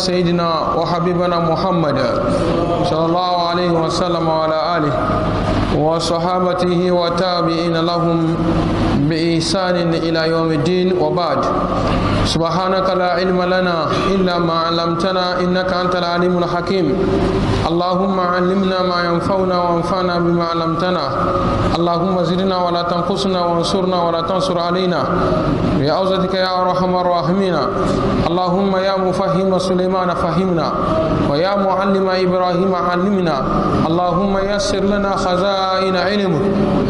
سيدنا وحبيبنا محمد صلى الله عليه وسلم وعلى آله وصحابته وتابعين لهم بإحسان إلى يوم الدين وبعد سبحانك لا علم لنا إلا ما علمتنا إنك أنت العليم الحكيم اللهم علمنا ما ينفعنا وانفعنا بما علمتنا اللهم زدنا ولا تنقصنا وانصرنا ولا تنصر علينا بعوزتك يا أرحم الراحمين اللهم يا مفهم سليمان فهمنا ويا معلم إبراهيم علمنا اللهم يسر لنا خزائن علمك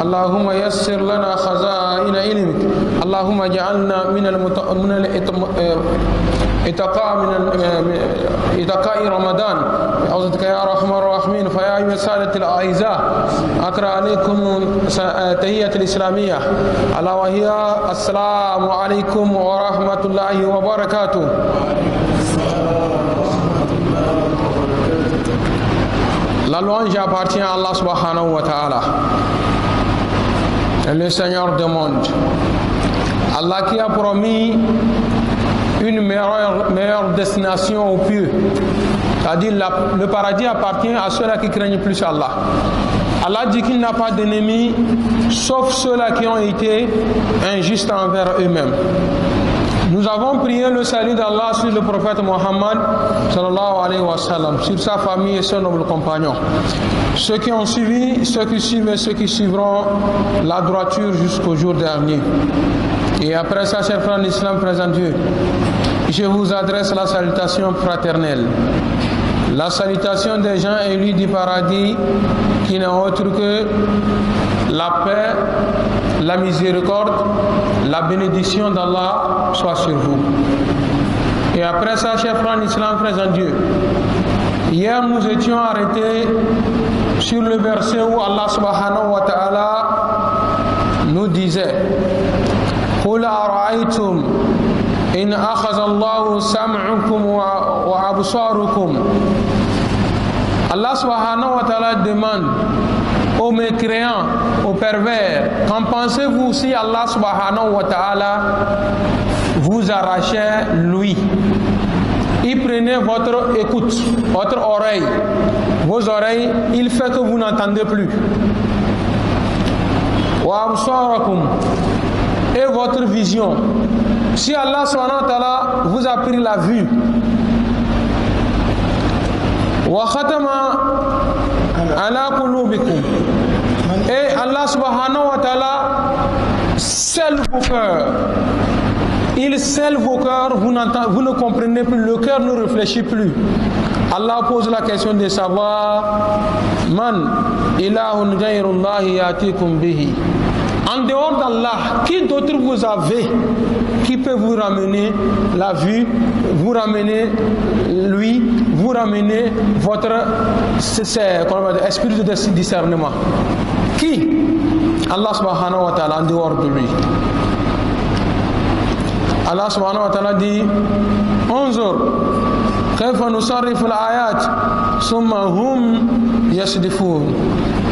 اللهم يسر لنا خزائن علمك اللهم اجعلنا من المت... من آه، اتقاء من آه، اتقاء رمضان بعوزتك يا رحمن الرحيم فيا ايها الساده الاعزاء اقرا عليكم التحيه آه، الاسلاميه الا وهي السلام عليكم ورحمه الله وبركاته La louange appartient à Allah subhanahu wa ta'ala. Et le Seigneur demande Allah qui a promis une meilleure, meilleure destination aux pieux. C'est-à-dire le paradis appartient à ceux-là qui craignent plus Allah. Allah dit qu'il n'a pas d'ennemis sauf ceux-là qui ont été injustes envers eux-mêmes. Nous avons prié le salut d'Allah sur le prophète Mohammed, sur sa famille et ses nobles compagnons. Ceux qui ont suivi, ceux qui suivent et ceux qui suivront la droiture jusqu'au jour dernier. Et après ça, chers frères, l'islam présente Dieu. Je vous adresse la salutation fraternelle. La salutation des gens élus du paradis qui n'est autre que la paix, la miséricorde, la bénédiction d'Allah soit sur vous. Et après ça, chers frères, l'islam présente Dieu. Hier, nous étions arrêtés sur le verset où Allah subhanahu nous disait قل أرأيتم إن أخذ الله سمعكم وأبصاركم Allah subhanahu wa ta'ala demande aux mécréants, aux pervers, qu'en pensez-vous si Allah subhanahu wa ta'ala vous arrachez lui Il prenait votre écoute, votre oreille, vos oreilles, il fait que vous n'entendez plus et votre vision. Si Allah vous a pris la vue, et Allah subhanahu wa ta'ala scelle vos cœurs. Il scelle vos cœurs, vous, vous ne comprenez plus, le cœur ne réfléchit plus. Allah pose la question de savoir Man ilahun bihi en dehors d'Allah, qui d'autre vous avez qui peut vous ramener la vue, vous ramener lui, vous ramener votre esprit de discernement Qui Allah subhanahu wa ta'ala en dehors de lui. Allah subhanahu wa ta'ala dit 11 heures. كيف نصرف الآيات ثم هم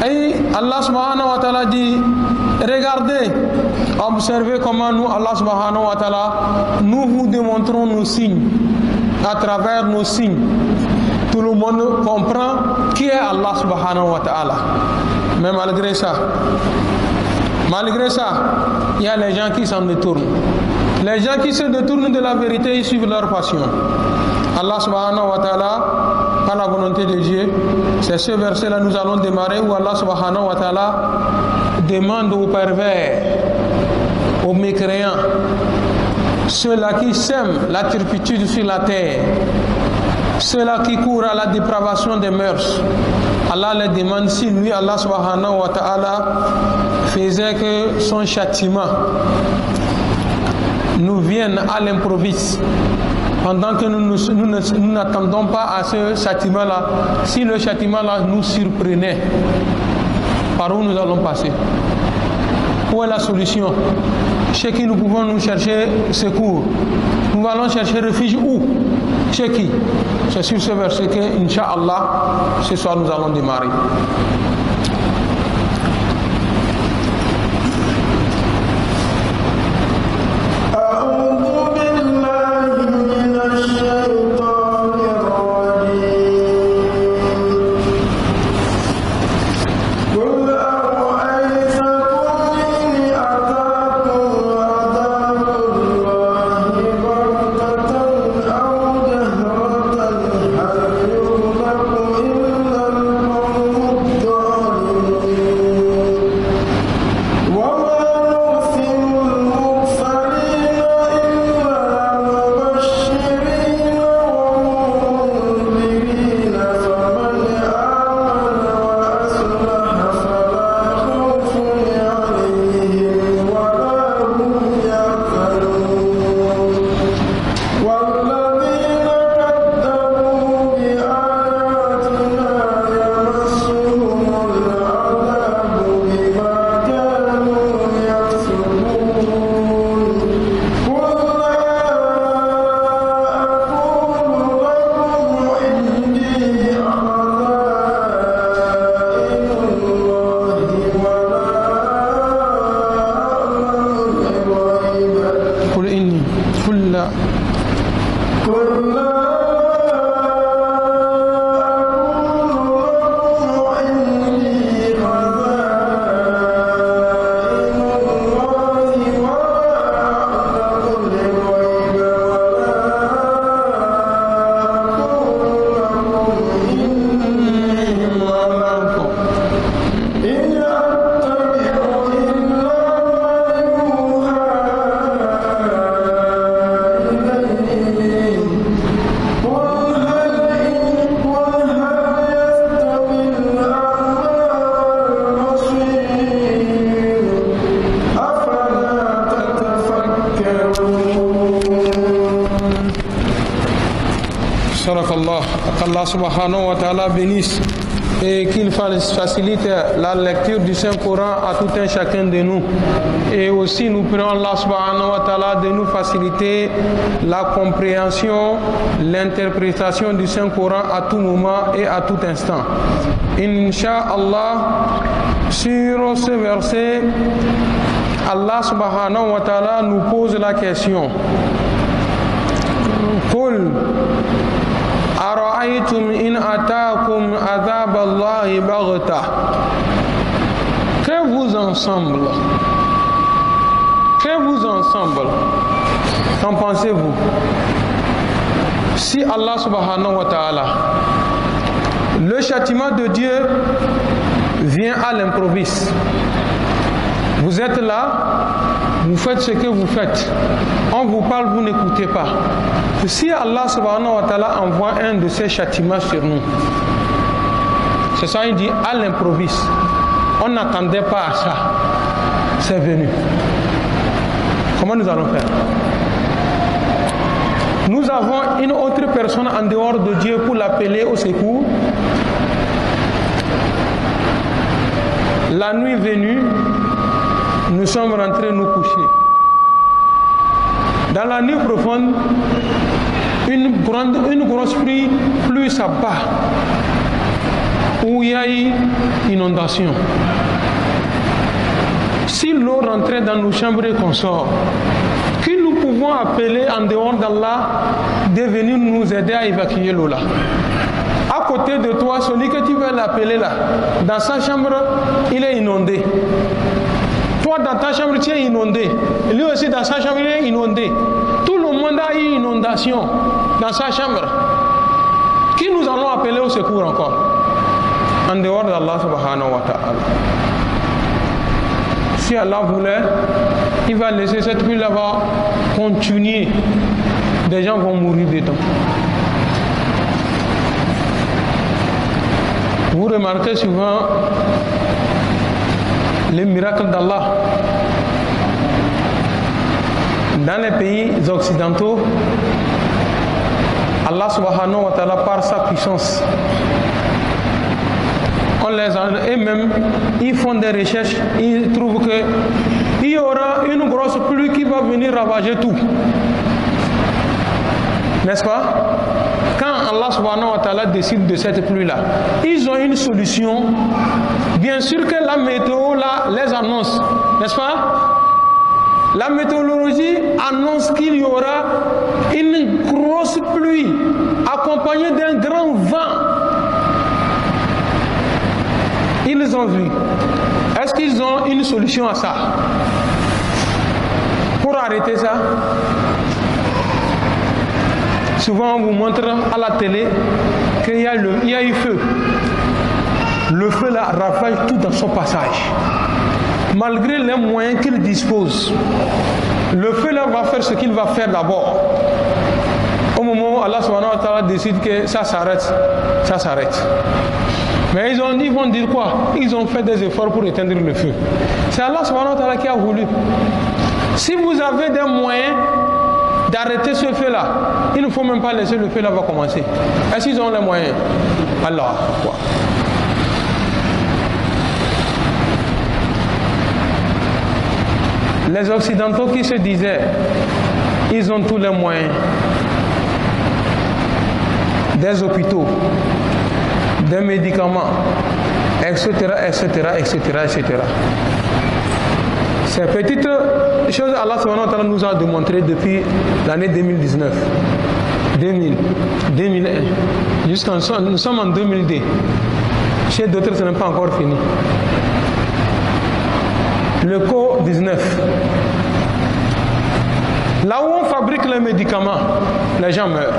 et allah subhanahu wa ta'ala dit Regardez, observez comment nous, Allah subhanahu wa ta'ala, nous vous démontrons nos signes, à travers nos signes. Tout le monde comprend qui est Allah subhanahu wa ta'ala. Mais malgré ça, malgré ça, il y a les gens qui s'en détournent. Les gens qui se détournent de la vérité, ils suivent leur passion. Allah subhanahu wa ta'ala par la volonté de Dieu. C'est ce verset-là nous allons démarrer où Allah subhanahu wa ta'ala demande aux pervers, aux mécréants, ceux-là qui sèment la turpitude sur la terre, ceux-là qui courent à la dépravation des mœurs. Allah les demande si lui, Allah subhanahu faisait que son châtiment nous vienne à l'improviste pendant que nous n'attendons pas à ce châtiment-là, si le châtiment-là nous surprenait, par où nous allons passer Où est la solution Chez qui nous pouvons nous chercher secours Nous allons chercher refuge où Chez qui C'est sur ce verset que, Inch'Allah, ce soir nous allons démarrer. subhanahu wa ta'ala bénisse et qu'il facilite la lecture du Saint-Coran à tout un chacun de nous. Et aussi nous prions Allah subhanahu wa ta'ala de nous faciliter la compréhension, l'interprétation du Saint-Coran à tout moment et à tout instant. Inch'Allah, sur ce verset, Allah subhanahu wa ta'ala nous pose la question. Que vous ensemble Que vous ensemble Qu'en pensez-vous Si Allah subhanahu wa ta'ala le châtiment de Dieu vient à l'improviste. Vous êtes là, vous faites ce que vous faites. On vous parle, vous n'écoutez pas. Si Allah subhanahu wa ta'ala envoie un de ses châtiments sur nous, c'est ça, il dit à l'improviste. On n'attendait pas à ça. C'est venu. Comment nous allons faire Nous avons une autre personne en dehors de Dieu pour l'appeler au secours. La nuit venue, nous sommes rentrés nous coucher. Dans la nuit profonde, une, grande, une grosse pluie, plus ça où il y a eu inondation. Si l'eau rentrait dans nos chambres et qu'on sort, qui nous pouvons appeler en dehors d'Allah de venir nous aider à évacuer l'eau là à côté de toi, celui que tu veux l'appeler là, dans sa chambre, il est inondé dans ta chambre, tu es inondé. Lui aussi dans sa chambre, il est inondé. Tout le monde a eu inondation dans sa chambre. Qui nous allons appeler au secours encore En dehors d'Allah subhanahu wa ta'ala. Si Allah voulait, il va laisser cette ville là-bas continuer. Des gens vont mourir dedans. Vous remarquez souvent les miracles d'Allah. Dans les pays occidentaux, Allah subhanahu wa ta'ala par sa puissance. On les et même ils font des recherches, ils trouvent que il y aura une grosse pluie qui va venir ravager tout. N'est-ce pas Allah subhanahu wa ta'ala décide de cette pluie-là, ils ont une solution. Bien sûr que la météo là les annonce, n'est-ce pas La météorologie annonce qu'il y aura une grosse pluie accompagnée d'un grand vent. Ils ont vu. Est-ce qu'ils ont une solution à ça Pour arrêter ça Souvent, on vous montre à la télé qu'il y, a le, il y a eu feu. Le feu là, ravage tout dans son passage. Malgré les moyens qu'il dispose, le feu là va faire ce qu'il va faire d'abord. Au moment où Allah subhanahu wa ta'ala décide que ça s'arrête, ça s'arrête. Mais ils, ont, ils vont dire quoi Ils ont fait des efforts pour éteindre le feu. C'est Allah subhanahu wa ta'ala qui a voulu. Si vous avez des moyens, arrêter ce feu-là. Il ne faut même pas laisser le feu-là va commencer. Est-ce qu'ils ont les moyens Alors, quoi Les Occidentaux qui se disaient, ils ont tous les moyens. Des hôpitaux, des médicaments, etc., etc., etc., etc. Ces petites chose Allah nous a démontré depuis l'année 2019, 2000, 2001, nous sommes en 2002. Chez d'autres, ce n'est pas encore fini. Le covid 19 Là où on fabrique les médicaments, les gens meurent.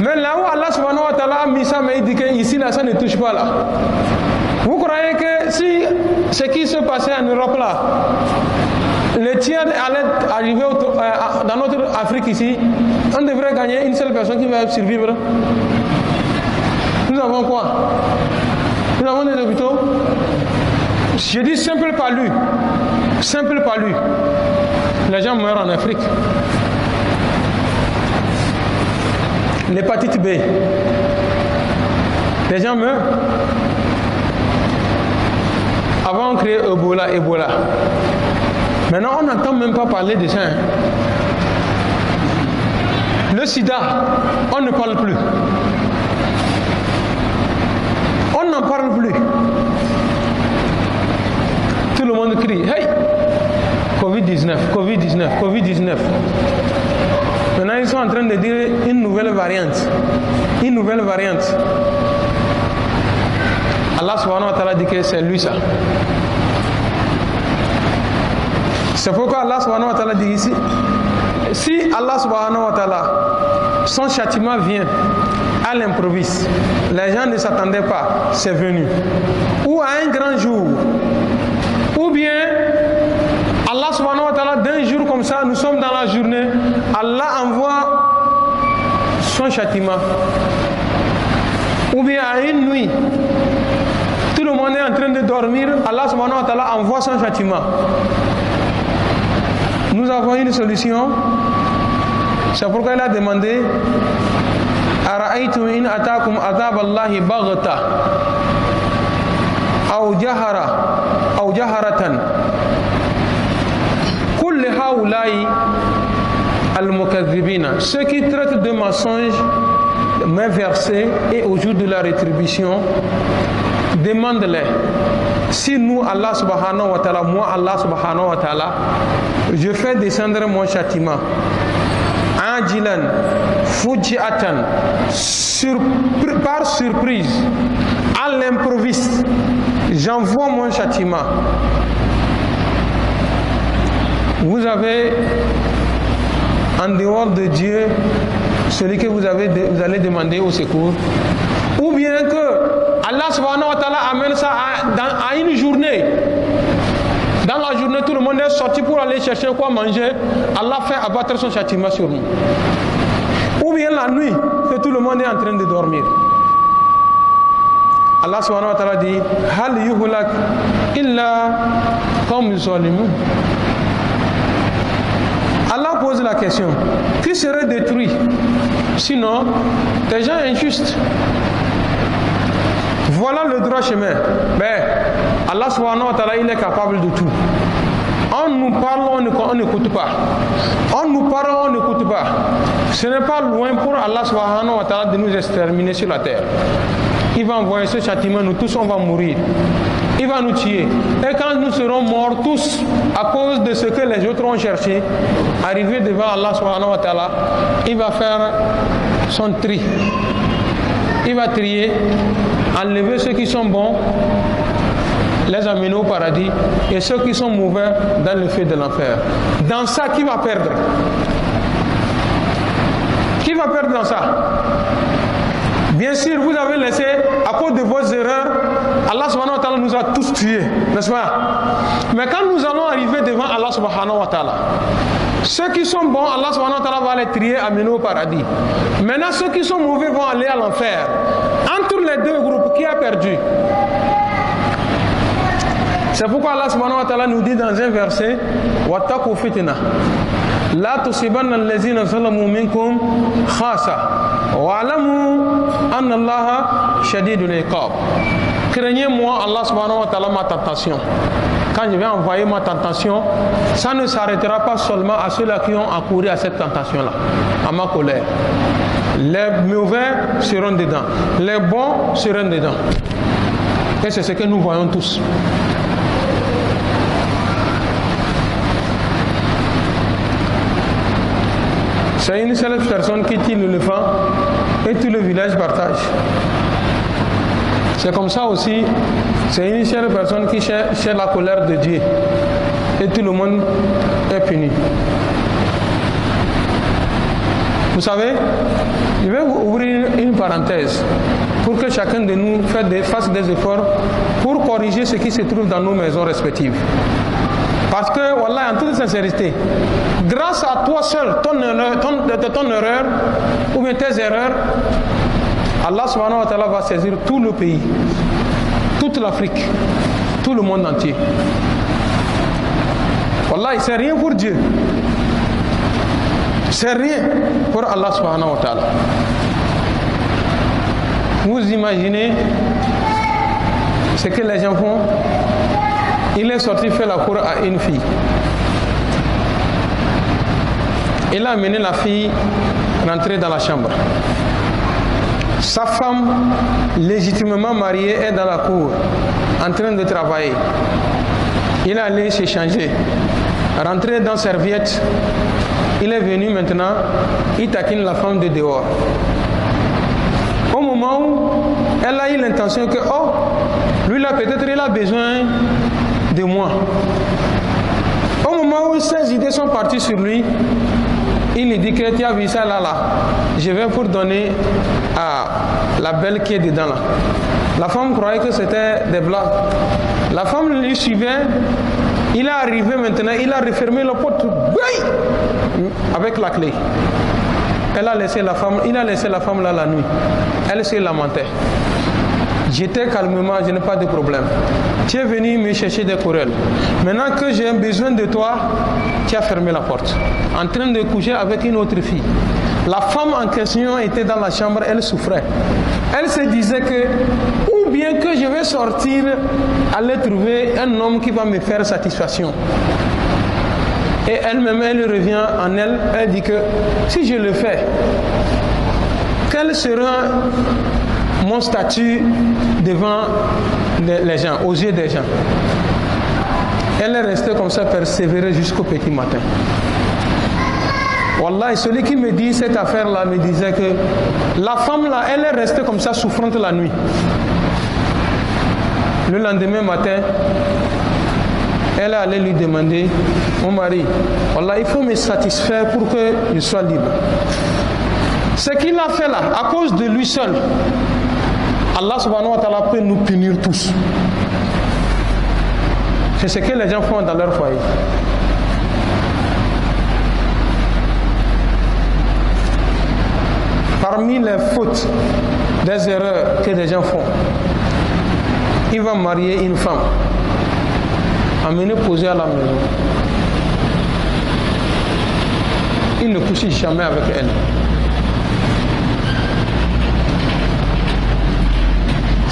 Mais là où Allah subhanahu wa ta'ala a mis ça, mais il dit ici, ça ne touche pas là. Vous croyez que si ce qui se passait en Europe là, le tiers allait arriver euh, dans notre Afrique ici, on devrait gagner une seule personne qui va survivre. Nous avons quoi Nous avons des hôpitaux. Je dis simple palu. Simple palu. Les gens meurent en Afrique. L'hépatite B. Les gens meurent avant on créait Ebola, Ebola. Maintenant, on n'entend même pas parler de ça. Le sida, on ne parle plus. On n'en parle plus. Tout le monde crie, hey, Covid-19, Covid-19, Covid-19. Maintenant, ils sont en train de dire une nouvelle variante. Une nouvelle variante. Allah subhanahu wa ta'ala dit que c'est lui ça. C'est pourquoi Allah subhanahu wa ta'ala dit ici, si Allah subhanahu wa ta'ala, son châtiment vient à l'improviste, les gens ne s'attendaient pas, c'est venu. Ou à un grand jour, ou bien Allah subhanahu wa ta'ala, d'un jour comme ça, nous sommes dans la journée, Allah envoie son châtiment. Ou bien à une nuit, tout le monde est en train de dormir. Allah subhanahu wa envoie son châtiment. Nous avons une solution. C'est pourquoi il a demandé أرأيتم إن au عذاب au بغتة أو جهرة أو جهرة كل al ceux qui traitent de mensonges mes versets et au jour de la rétribution Demande-les. Si nous, Allah subhanahu wa ta'ala, moi, Allah subhanahu wa ta'ala, je fais descendre mon châtiment. Ajilan, Fuji par surprise, à l'improviste, j'envoie mon châtiment. Vous avez, en dehors de Dieu, celui que vous, avez, vous allez demander au secours, ou bien que Allah subhanahu wa ta'ala amène ça à, une journée. Dans la journée, tout le monde est sorti pour aller chercher quoi manger. Allah fait abattre son châtiment sur nous. Ou bien la nuit, que tout le monde est en train de dormir. Allah subhanahu wa ta'ala dit Hal yuhulak illa Allah pose la question Qui serait détruit Sinon, des gens injustes voilà le droit chemin. Mais ben, Allah subhanahu wa ta'ala, il est capable de tout. On nous parle, on n'écoute pas. On nous parle, on n'écoute pas. Ce n'est pas loin pour Allah subhanahu wa ta'ala de nous exterminer sur la terre. Il va envoyer ce châtiment, nous tous, on va mourir. Il va nous tuer. Et quand nous serons morts tous à cause de ce que les autres ont cherché, arriver devant Allah subhanahu wa ta'ala, il va faire son tri. Il va trier enlever ceux qui sont bons, les amener au paradis, et ceux qui sont mauvais dans le feu de l'enfer. Dans ça, qui va perdre Qui va perdre dans ça Bien sûr, vous avez laissé, à cause de vos erreurs, Allah subhanahu wa ta'ala nous a tous tués, n'est-ce pas Mais quand nous allons arriver devant Allah subhanahu wa ta'ala, ceux qui sont bons, Allah va les trier, amener au paradis. Maintenant, ceux qui sont mauvais vont aller à l'enfer. Entre les deux groupes, qui a perdu C'est pourquoi Allah subhanahu wa ta'ala nous dit dans un verset Wattaku fitna. La tusibanna allazina zalamu minkum khasa. Wa'lamu anna Allah shadidul iqab. Craignez-moi Allah subhanahu wa ta'ala ma tentation quand je vais envoyer ma tentation, ça ne s'arrêtera pas seulement à ceux-là qui ont accouru à cette tentation-là, à ma colère. Les mauvais seront dedans, les bons seront dedans. Et c'est ce que nous voyons tous. C'est une seule personne qui tire l'éléphant et tout le village partage. C'est comme ça aussi, c'est une seule personne qui cherche la colère de Dieu. Et tout le monde est puni. Vous savez, je vais vous ouvrir une parenthèse pour que chacun de nous fasse des efforts pour corriger ce qui se trouve dans nos maisons respectives. Parce que, voilà, en toute sincérité, grâce à toi seul, ton erreur, ton, ton erreur ou bien tes erreurs, Allah subhanahu wa ta'ala va saisir tout le pays, toute l'Afrique, tout le monde entier. Wallah, c'est rien pour Dieu. C'est rien pour Allah subhanahu wa ta'ala. Vous imaginez ce que les gens font Il est sorti faire la cour à une fille. Il a amené la fille rentrer dans la chambre. Sa femme, légitimement mariée, est dans la cour, en train de travailler. Il est allé s'échanger, rentrer dans serviette. Il est venu maintenant, il taquine la femme de dehors. Au moment où elle a eu l'intention que, oh, lui là, peut-être il a besoin de moi. Au moment où ses idées sont parties sur lui, il lui dit que tu as vu ça là, là. Je vais pour donner à la belle qui est dedans là. La femme croyait que c'était des blagues. La femme lui suivait. Il est arrivé maintenant, il a refermé le porte avec la clé. Elle a laissé la femme, il a laissé la femme là la nuit. Elle s'est lamentée J'étais calmement, je n'ai pas de problème. Tu es venu me chercher des querelles. Maintenant que j'ai besoin de toi, tu as fermé la porte. En train de coucher avec une autre fille. La femme en question était dans la chambre, elle souffrait. Elle se disait que, ou bien que je vais sortir, aller trouver un homme qui va me faire satisfaction. Et elle-même, elle revient en elle, elle dit que si je le fais, quel sera mon statut devant les gens, aux yeux des gens. Elle est restée comme ça, persévérée jusqu'au petit matin. voilà et celui qui me dit cette affaire-là me disait que la femme-là, elle est restée comme ça, souffrante la nuit. Le lendemain matin, elle est allait lui demander, mon mari, voilà il faut me satisfaire pour que je sois libre. Ce qu'il a fait là, à cause de lui seul, Allah subhanahu wa ta'ala peut nous punir tous. C'est ce que les gens font dans leur foyer. Parmi les fautes, des erreurs que les gens font, il va marier une femme, amener poser à la maison. Il ne couche jamais avec elle.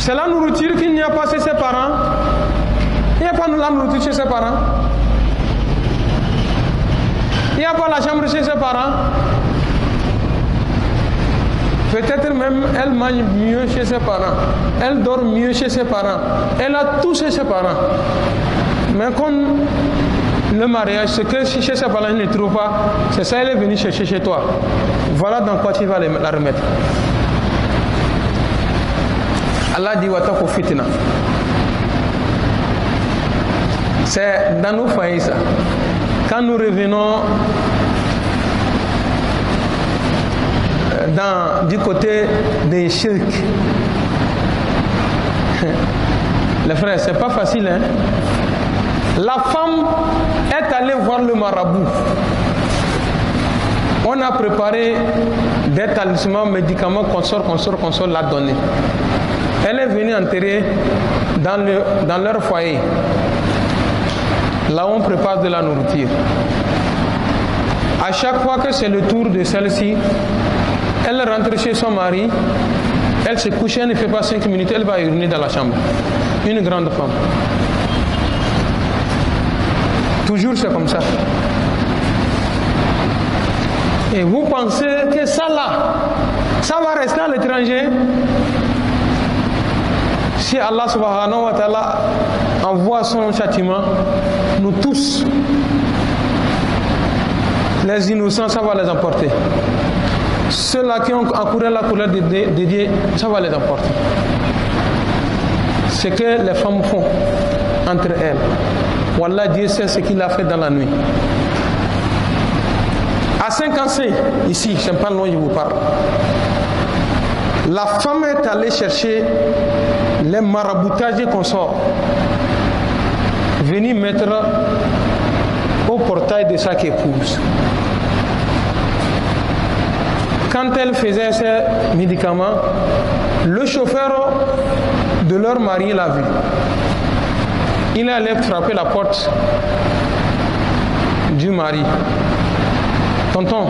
C'est la nourriture qu'il n'y a pas chez ses parents. Il n'y a pas la nourriture chez ses parents. Il n'y a pas la chambre chez ses parents. Peut-être même elle mange mieux chez ses parents. Elle dort mieux chez ses parents. Elle a tout chez ses parents. Mais comme le mariage, ce que chez ses parents ne trouve pas, c'est ça elle est venue chercher chez toi. Voilà dans quoi tu vas la remettre fitna c'est dans nos faïs. quand nous revenons euh, dans, du côté des shirk les frères c'est pas facile hein. la femme est allée voir le marabout on a préparé des talismans médicaments qu'on sort qu'on sort l'a donné elle est venue enterrer dans, leur foyer. Là, on prépare de la nourriture. À chaque fois que c'est le tour de celle-ci, elle rentre chez son mari, elle se couche, elle ne fait pas cinq minutes, elle va uriner dans la chambre. Une grande femme. Toujours c'est comme ça. Et vous pensez que ça là, ça va rester à l'étranger si Allah subhanahu wa ta'ala envoie son châtiment, nous tous, les innocents, ça va les emporter. Ceux-là qui ont encouru la couleur de, Dieu, ça va les emporter. Ce que les femmes font entre elles. Wallah, Dieu sait ce qu'il a fait dans la nuit. À 55, ici, je ne sais pas loin, je vous parle. La femme est allée chercher les maraboutages qu'on sort, venir mettre au portail de chaque épouse. Quand elle faisait ces médicaments, le chauffeur de leur mari l'a vu. Il allait frapper la porte du mari. Tonton,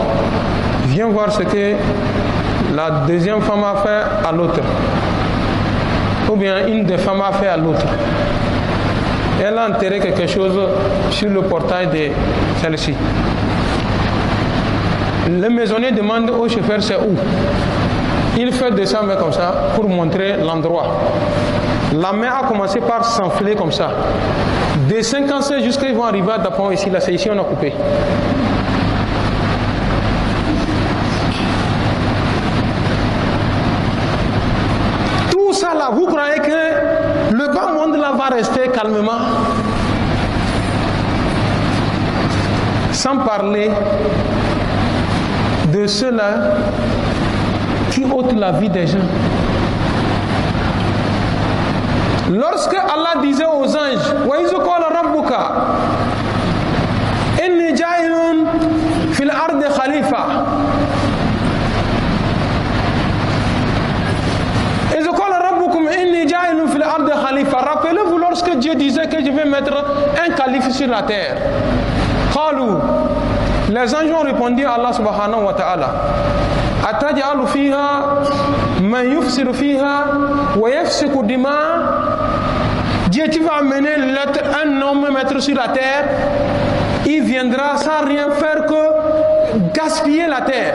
viens voir ce que la deuxième femme a fait à l'autre ou bien une des femmes a fait à l'autre. Elle a enterré quelque chose sur le portail de celle-ci. Le maisonnier demande au chauffeur c'est où. Il fait descendre comme ça pour montrer l'endroit. La main a commencé par s'enfler comme ça. Des 5 ans, jusqu'à ils vont arriver à Dapon ici. Là, c'est ici on a coupé. calmement. Sans parler de cela qui ôtent la vie des gens. Lorsque Allah disait aux anges, « Wa izukola rabbuka inni ja'ilun fil de khalifa » lorsque Dieu disait que je vais mettre un calife sur la terre, les anges ont répondu à Allah subhanahu wa ta'ala. fiha man yufsiru fiha wa Dieu, tu vas amener un homme mettre sur la terre, il viendra sans rien faire que gaspiller la terre,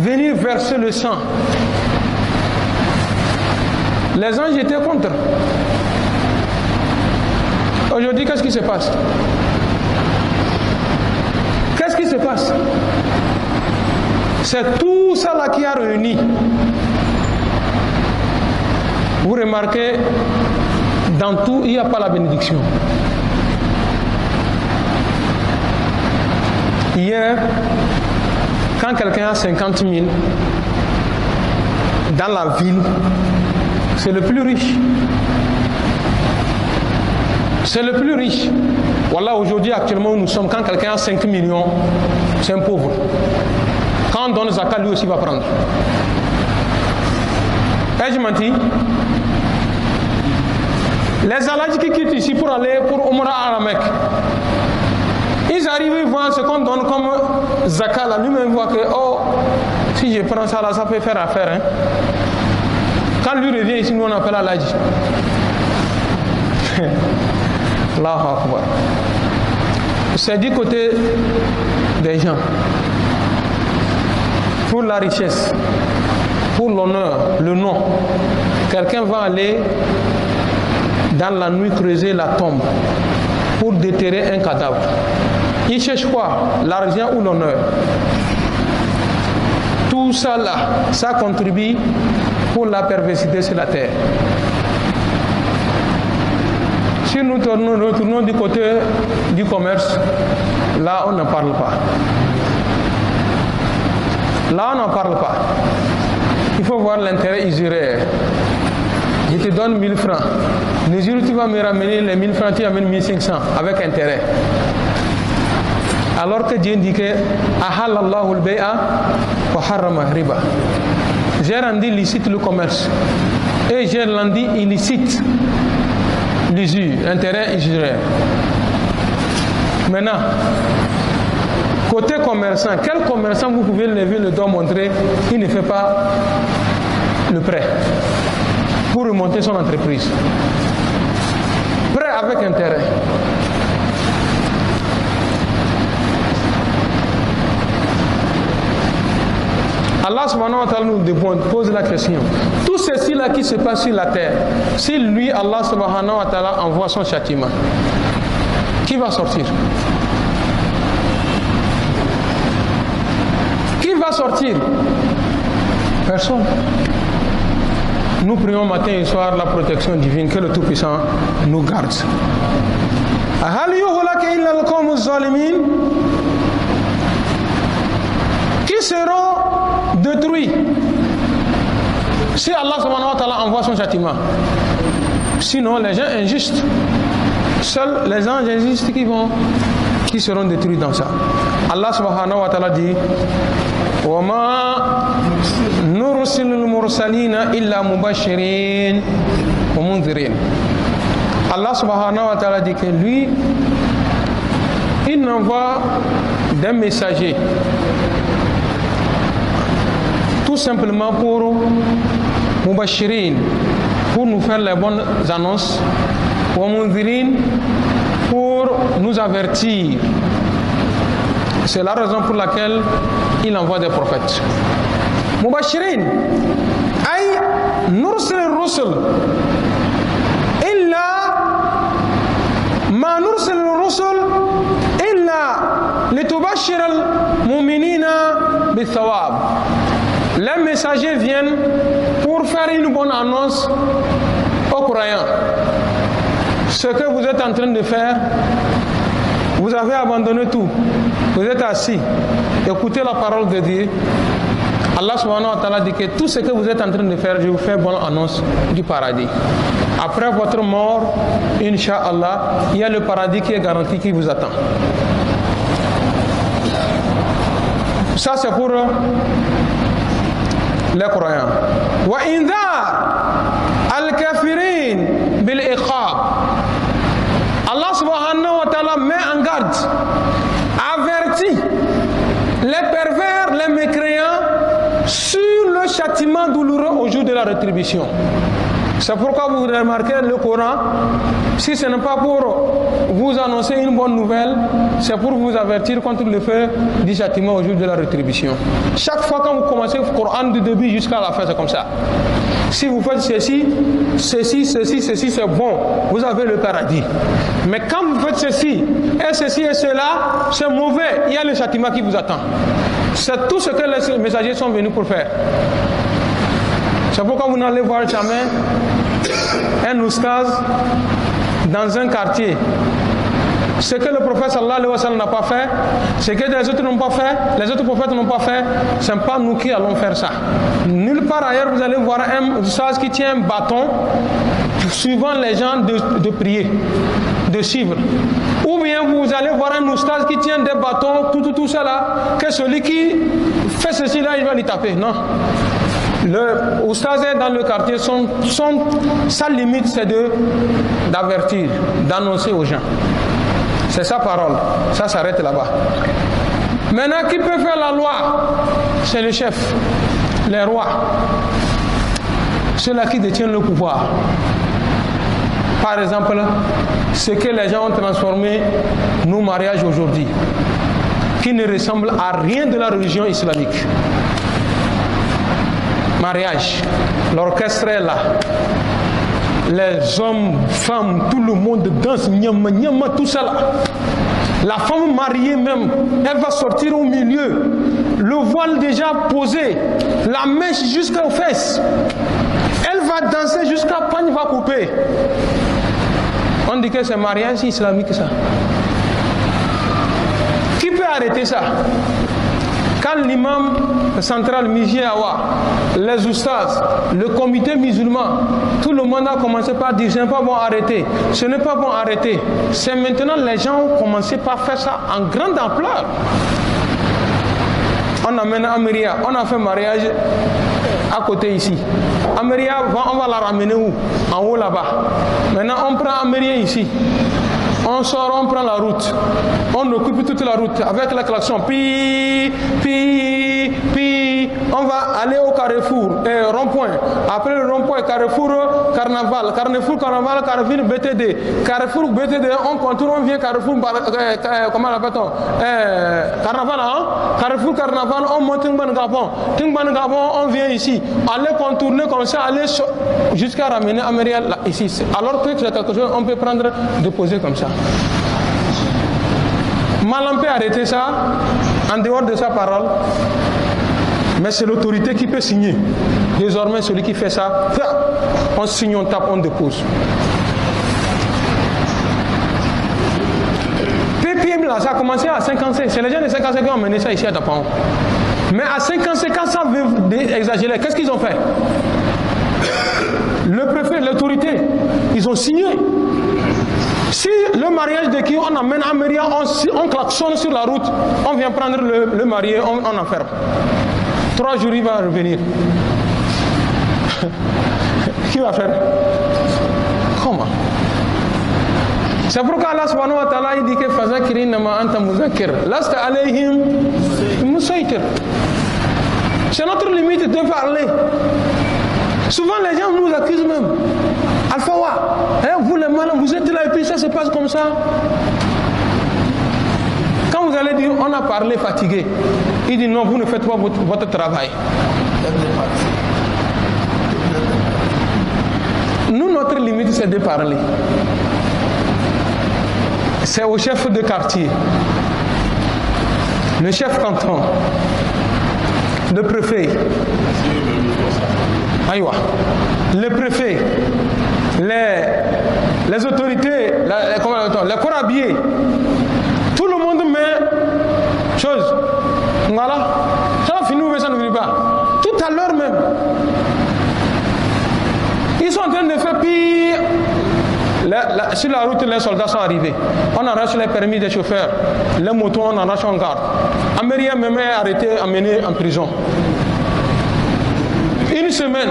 venir verser le sang. Les anges étaient contre. Aujourd'hui, qu'est-ce qui se passe Qu'est-ce qui se passe C'est tout ça là qui a réuni. Vous remarquez, dans tout, il n'y a pas la bénédiction. Hier, quand quelqu'un a 50 000 dans la ville, c'est le plus riche. C'est le plus riche. Voilà, aujourd'hui, actuellement, où nous sommes, quand quelqu'un a 5 millions, c'est un pauvre. Quand on donne Zaka, lui aussi va prendre. et eh, je menti Les Aladji qui quittent ici pour aller pour Oumra à la Mecque, ils arrivent, ils voient ce qu'on donne comme Zaka là, lui-même voit que, oh, si je prends ça là, ça peut faire affaire. Hein. Quand lui revient ici, nous on appelle Aladji. C'est du côté des gens. Pour la richesse, pour l'honneur, le nom, quelqu'un va aller dans la nuit creuser la tombe pour déterrer un cadavre. Il cherche quoi L'argent ou l'honneur Tout ça là, ça contribue pour la perversité sur la terre. Si nous tournons, retournons du côté du commerce, là on n'en parle pas. Là on n'en parle pas. Il faut voir l'intérêt usuré. Je te donne 1000 francs. Les jour tu vas me ramener les 1000 francs, tu amènes 1500 avec intérêt. Alors que Dieu dit que Ahal al-bay'a wa harrama riba. J'ai rendu licite le commerce et j'ai rendu illicite l'usure, intérêt usuraire. Maintenant, côté commerçant, quel commerçant vous pouvez lever le doigt montrer, il ne fait pas le prêt pour remonter son entreprise Prêt avec intérêt. Allah subhanahu wa ta'ala nous pose la question. Tout ceci-là qui se passe sur la terre, si lui, Allah subhanahu wa ta'ala, envoie son châtiment, qui va sortir Qui va sortir Personne. Nous prions matin et soir la protection divine, que le Tout-Puissant nous garde. Qui seront détruit. Si Allah subhanahu wa ta'ala envoie son châtiment, sinon les gens injustes, seuls les gens injustes qui vont, qui seront détruits dans ça. Allah subhanahu wa ta'ala dit Allah subhanahu wa ta'ala dit que lui, il envoie des messagers tout simplement pour Mubashirin, pour nous faire les bonnes annonces, wa pour nous avertir. C'est la raison pour laquelle il envoie des prophètes. Mubashirin, ay nursil rusul illa ma les rusul illa litubashir al-mu'minina bi-thawab les messagers viennent pour faire une bonne annonce aux croyants. Ce que vous êtes en train de faire, vous avez abandonné tout. Vous êtes assis. Écoutez la parole de Dieu. Allah subhanahu wa ta'ala dit que tout ce que vous êtes en train de faire, je vous fais bonne annonce du paradis. Après votre mort, Inch'Allah, il y a le paradis qui est garanti, qui vous attend. Ça, c'est pour لقرآن وإنذار الكافرين بالإقاب الله سبحانه وتعالى ما أنقرد أفرتي لبرفير لمكريان sur le châtiment douloureux au C'est pourquoi vous remarquez le Coran, si ce n'est pas pour vous annoncer une bonne nouvelle, c'est pour vous avertir contre le fait du châtiment au jour de la rétribution. Chaque fois quand vous commencez le Coran du début jusqu'à la fin, c'est comme ça. Si vous faites ceci, ceci, ceci, ceci, c'est bon, vous avez le paradis. Mais quand vous faites ceci, et ceci et cela, c'est mauvais, il y a le châtiment qui vous attend. C'est tout ce que les messagers sont venus pour faire. C'est pourquoi vous n'allez voir jamais un oustaz dans un quartier. Ce que le prophète sallallahu alayhi wa n'a pas fait, ce que les autres n'ont pas fait, les autres prophètes n'ont pas fait, ce n'est pas nous qui allons faire ça. Nulle part ailleurs, vous allez voir un oustaz qui tient un bâton suivant les gens de, prier, de suivre. Ou bien vous allez voir un oustaz qui tient des bâtons, tout, tout, tout ça là, que celui qui fait ceci là, il va lui taper. Non. Le oustazé dans le quartier, son, sa limite, c'est d'avertir, d'annoncer aux gens. C'est sa parole. Ça s'arrête là-bas. Maintenant, qui peut faire la loi C'est le chef, les rois, ceux-là qui détiennent le pouvoir. Par exemple, ce que les gens ont transformé nos mariages aujourd'hui, qui ne ressemble à rien de la religion islamique mariage. L'orchestre est là. Les hommes, femmes, tout le monde danse, nyama, nyama, tout cela. La femme mariée même, elle va sortir au milieu. Le voile déjà posé, la mèche jusqu'aux fesses. Elle va danser jusqu'à panne va couper. On dit que c'est mariage islamique ça. Qui peut arrêter ça l'imam central Mijiawa, les oustas, le comité musulman, tout le monde a commencé par dire ce n'est pas bon arrêter, ce n'est pas bon arrêter. C'est maintenant les gens ont commencé par faire ça en grande ampleur. On amène Amiria, on a fait mariage à côté ici. améria on va la ramener où En haut là-bas. Maintenant, on prend Amiria ici. On sort, on prend la route. On occupe toute la route avec la klaxon. Pi, pi, pi on va aller au carrefour, rond-point. Après le rond-point, carrefour, carnaval, carrefour, carnaval, carrefour, BTD. Carrefour, BTD, on contourne, on vient carrefour, euh, euh, comment l'appelle-t-on euh, Carnaval, hein Carrefour, carnaval, on monte Tingban Gabon. Tingban Gabon, on vient ici. Aller contourner comme ça, aller jusqu'à ramener Amérial ici. Alors que c'est quelque chose, on peut prendre, déposer comme ça. Malampe, peut arrêter ça en dehors de sa parole. Mais c'est l'autorité qui peut signer. Désormais, celui qui fait ça, on signe, on tape, on dépose. PPM, là, ça a commencé à 55. C'est les gens de 55 qui ont mené ça ici à Dapan. Mais à 55, quand ça veut exagérer, qu'est-ce qu'ils ont fait Le préfet, l'autorité, ils ont signé. Si le mariage de qui on amène à Meria, on, on klaxonne sur la route, on vient prendre le, marié, on, on enferme. Trois jours, il va revenir. Qui va faire Comment C'est pourquoi Allah subhanahu wa ta'ala dit que Fazakiri nama anta muzakir. Lasta alayhim musaytir. C'est notre limite de parler. Souvent les gens nous accusent même. Alphawa, hein, vous les malins, vous êtes là et puis ça se passe comme ça. Quand vous allez dire on a parlé fatigué, il dit non, vous ne faites pas votre, travail. Nous, notre limite, c'est de parler. C'est au chef de quartier, le chef canton, le préfet. Aïwa. Le préfet, les, les autorités, les, comment, corabiers, tout le monde met chose. Voilà. Ça finit mais ça ne veut pas. Tout à l'heure même, ils sont en train de faire pire. sur la route, les soldats sont arrivés. On arrache les permis des chauffeurs. Les motos, on arrache en garde. Amérien même est arrêté, amené en prison. Une semaine.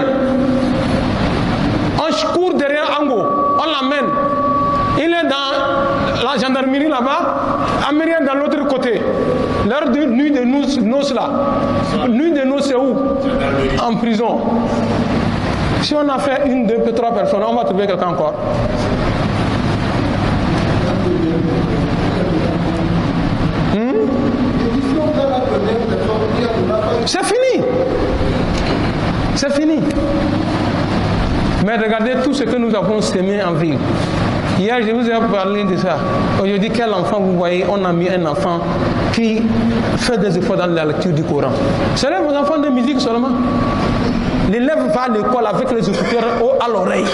On court derrière Ango. On l'amène. Il est dans la gendarmerie là-bas, Amérien, dans l'autre côté. L'heure de nuit de nos là. Nuit de nos c'est où En prison. Si on a fait une, deux, trois personnes, on va trouver quelqu'un encore. Hmm? C'est fini. C'est fini. Mais regardez tout ce que nous avons semé en ville. Hier, je vous ai parlé de ça. Aujourd'hui, quel enfant vous voyez On a mis un enfant qui fait des efforts dans la lecture du Coran. C'est vos enfants de musique seulement. L'élève va à l'école avec les écouteurs à l'oreille.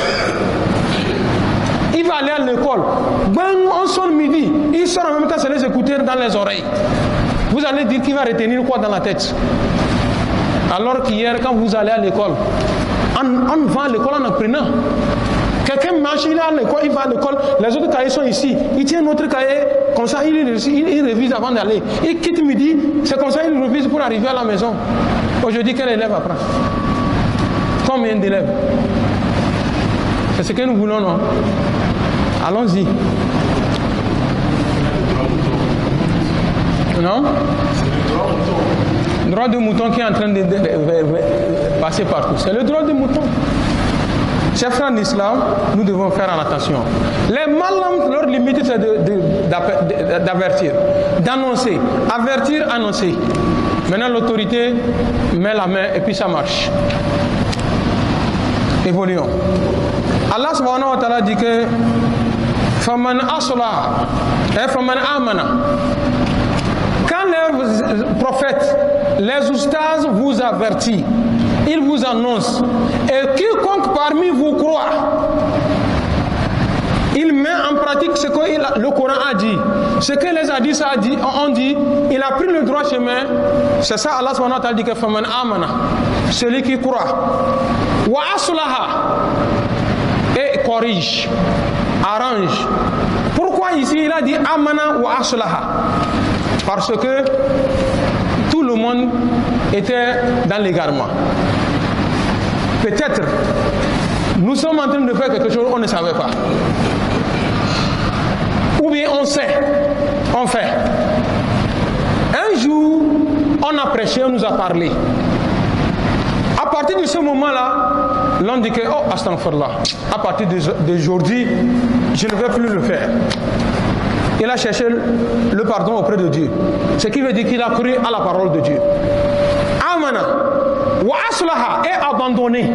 Il va aller à l'école. on sort midi. Il sort en même temps, c'est les écouteurs dans les oreilles. Vous allez dire qu'il va retenir quoi dans la tête Alors qu'hier, quand vous allez à l'école, on, on va à l'école en apprenant. Quelqu'un marche, il a l'école, il va à l'école, les autres cahiers sont ici. Il tient un cahier, comme ça il, révise avant d'aller. Il quitte midi, c'est comme ça il révise pour arriver à la maison. Aujourd'hui, quel élève apprend Combien d'élèves C'est ce que nous voulons, non Allons-y. Non C'est le droit de mouton qui est en train de passer partout. C'est le droit de mouton. Cherchant en islam, nous devons faire attention. Les malhommes, leur limite, c'est d'avertir, d'annoncer. Avertir, annoncer. Maintenant, l'autorité met la main et puis ça marche. Évoluons. Allah subhanahu wa ta'ala dit que Faman asla et hein, amana. Quand les prophètes, les oustas vous avertissent, il vous annonce. Et quiconque parmi vous croit, il met en pratique ce que le Coran a dit. Ce que les hadiths a dit, ont dit, il a pris le droit chemin. C'est ça Allah subhanahu wa dit que Faman Amana, celui qui croit. Wa et corrige, arrange. Pourquoi ici il a dit Amana wa Parce que tout le monde était dans l'égarement. Peut-être nous sommes en train de faire quelque chose on ne savait pas. Ou bien on sait, on fait. Un jour, on a prêché, on nous a parlé. À partir de ce moment-là, l'on dit que, oh, temps-là, à partir d'aujourd'hui, je ne vais plus le faire. Il a cherché le pardon auprès de Dieu. Ce qui veut dire qu'il a cru à la parole de Dieu. Ah, maintenant Wa abandonné et abandonné.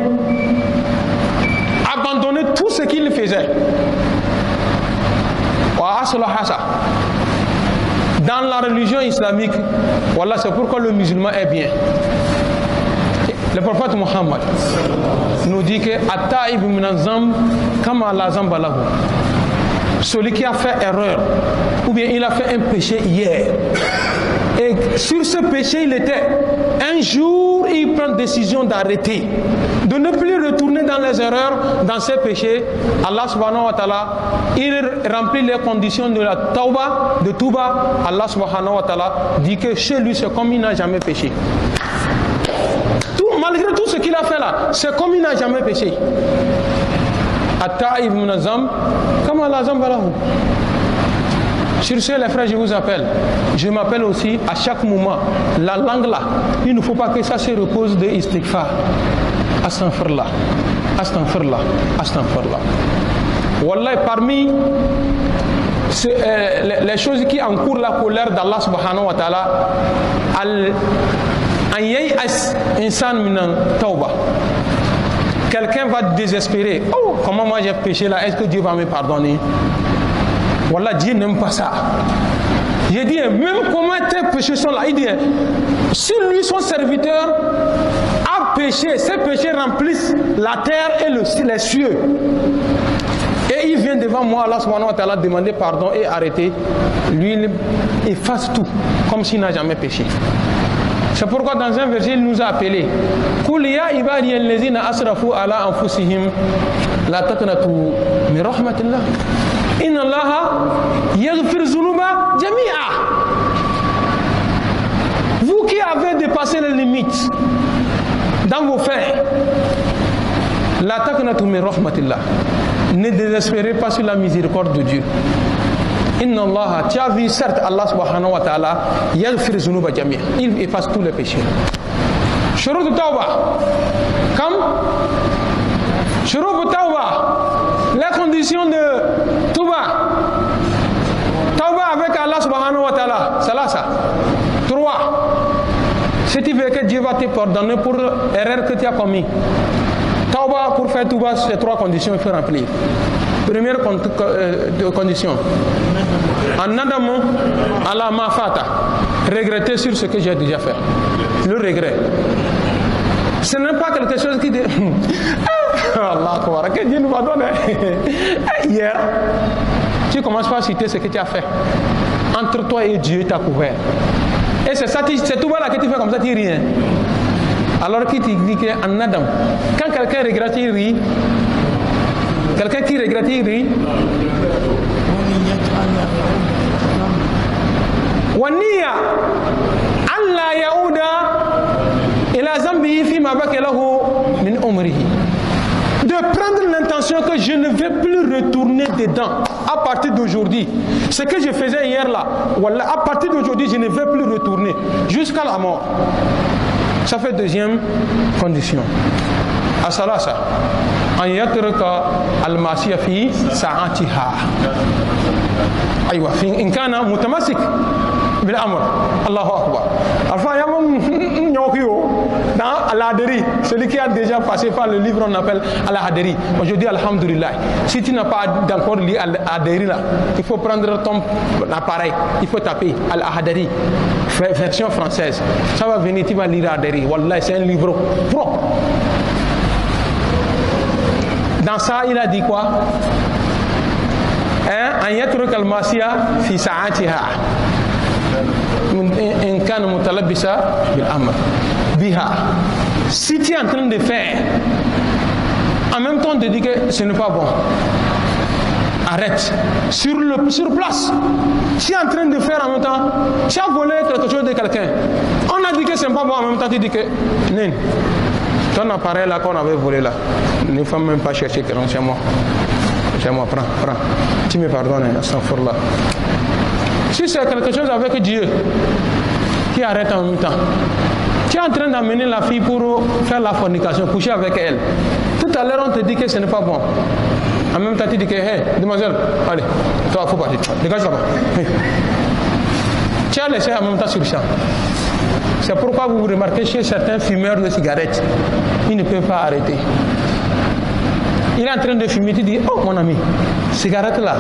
Abandonné tout ce qu'il faisait. Dans la religion islamique, voilà, c'est pourquoi le musulman est bien. Le prophète Mohammed nous dit que kama Celui qui a fait erreur, ou bien il a fait un péché hier, et sur ce péché, il était un jour ils prennent décision d'arrêter, de ne plus retourner dans les erreurs, dans ses péchés, Allah subhanahu wa ta'ala, il remplit les conditions de la tauba, de touba. Allah subhanahu wa ta'ala dit que chez lui, c'est comme il n'a jamais péché. malgré tout ce qu'il a fait là, c'est comme il n'a jamais péché. ibn Allah sur ce, les frères, je vous appelle. Je m'appelle aussi à chaque moment. La langue là, il ne faut pas que ça se repose de istikfa. là, astanfirla, là. Wallah, parmi ce, euh, les, les choses qui encourent la colère d'Allah subhanahu wa ta'ala, quelqu'un va désespérer. Oh, comment moi j'ai péché là Est-ce que Dieu va me pardonner voilà, Dieu n'aime pas ça. Il dit, même comment tes péchés sont là. Il dit, si lui, son serviteur, a péché, ses péchés remplissent la terre et les cieux. Et il vient devant moi, Allah subhanahu wa ta'ala, demander pardon et arrêter. Lui, il efface tout, comme s'il n'a jamais péché. C'est pourquoi dans un verset, il nous a appelés inna allaha yaghfir jami'a vous qui avez dépassé les limites dans vos faits la taqnatu min rahmatillah ne désespérez pas sur la miséricorde de Dieu inna allaha tu certes Allah subhanahu wa ta'ala yaghfir va jami'a il efface tous les péchés shurut tawbah comme shurut condition de Touba. Touba avec Allah subhanahu wa ta'ala, c'est là ça. Trois, si tu veux que Dieu va te pardonner pour l'erreur que tu as commis, Tauba, pour faire Touba, ces trois conditions, il faut remplir. Première euh, condition, en adamant Allah ma fata, regretter sur ce que j'ai déjà fait. Le regret. Ce n'est pas quelque chose qui... Allah Akbar, que Dieu nous Hier, tu commences pas à citer ce que tu as fait. Entre toi et Dieu, tu as couvert. Et c'est ça, c'est tout voilà que tu fais comme ça, tu ris. Hein. Alors qu'il te dit que Adam, quand quelqu'un regrette, il rit. Quelqu'un qui regrette, il rit. Allah ألا يعود إلى zambi فيما بقي min من prendre l'intention que je ne vais plus retourner dedans à partir d'aujourd'hui. Ce que je faisais hier là, voilà, à partir d'aujourd'hui, je ne vais plus retourner jusqu'à la mort. Ça fait deuxième condition. Asalasa. En yatraka al fi sa'atiha. Aywa, in mutamasik bil amr. Allahu akbar. Alpha yamam al l'Adérie, celui qui a déjà passé par le livre, on appelle l'Adérie. Aujourd'hui, Alhamdulillah, si tu n'as pas encore lu à là, il faut prendre ton appareil, il faut taper l'Adérie, version française. Ça va venir, tu vas lire l'Adérie. Wallah, c'est un livre Dans ça, il a dit quoi hein? Un أن يترك المعصية في un إن كان bil amr. Si tu es en train de faire, en même temps de dire que ce n'est pas bon, arrête. Sur, le, sur place, tu es en train de faire en même temps, tu as volé quelque chose de quelqu'un. On a dit que ce n'est pas bon, en même temps tu dis que, non, ton appareil là qu'on avait volé là, ne faut même pas chercher quelqu'un chez moi. Chez moi, prends, prends. Tu me pardonnes, hein, là. Si c'est quelque chose avec Dieu, qui arrête en même temps, en train d'amener la fille pour faire la fornication, coucher avec elle. Tout à l'heure, on te dit que ce n'est pas bon. En même temps, tu dis que, hé, demoiselle, allez, toi, faut partir. Dégage là-bas. Tu as laissé en même temps sur le C'est pourquoi vous remarquez chez certains fumeurs de cigarettes, ils ne peuvent pas arrêter. Il est en train de fumer, tu dis, oh mon ami, cigarette là,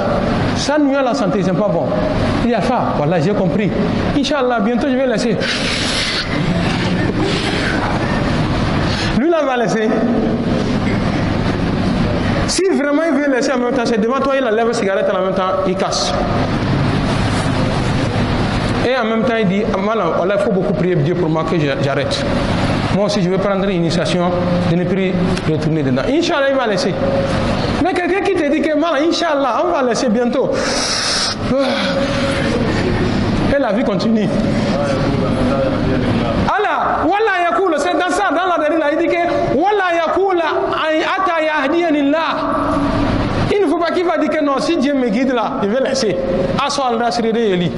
ça nuit à la santé, c'est pas bon. Il a faim voilà, j'ai compris. Inch'Allah, bientôt je vais laisser va laisser. Si vraiment il veut laisser en même temps, c'est devant toi, il enlève la cigarette en même temps, il casse. Et en même temps, il dit, voilà, ah, oh il faut beaucoup prier Dieu pour moi que j'arrête. Moi aussi, je vais prendre l'initiation de ne plus retourner dedans. Inch'Allah, il va laisser. Mais quelqu'un qui te dit que, mal, Inch'Allah, on va laisser bientôt. Et la vie continue. Allah, voilà faidike wala yakula an ata yahdiyanillah il ne faut pas qu'il va dire que non si Dieu me guide là Il veut laisser aso al nasri de yeli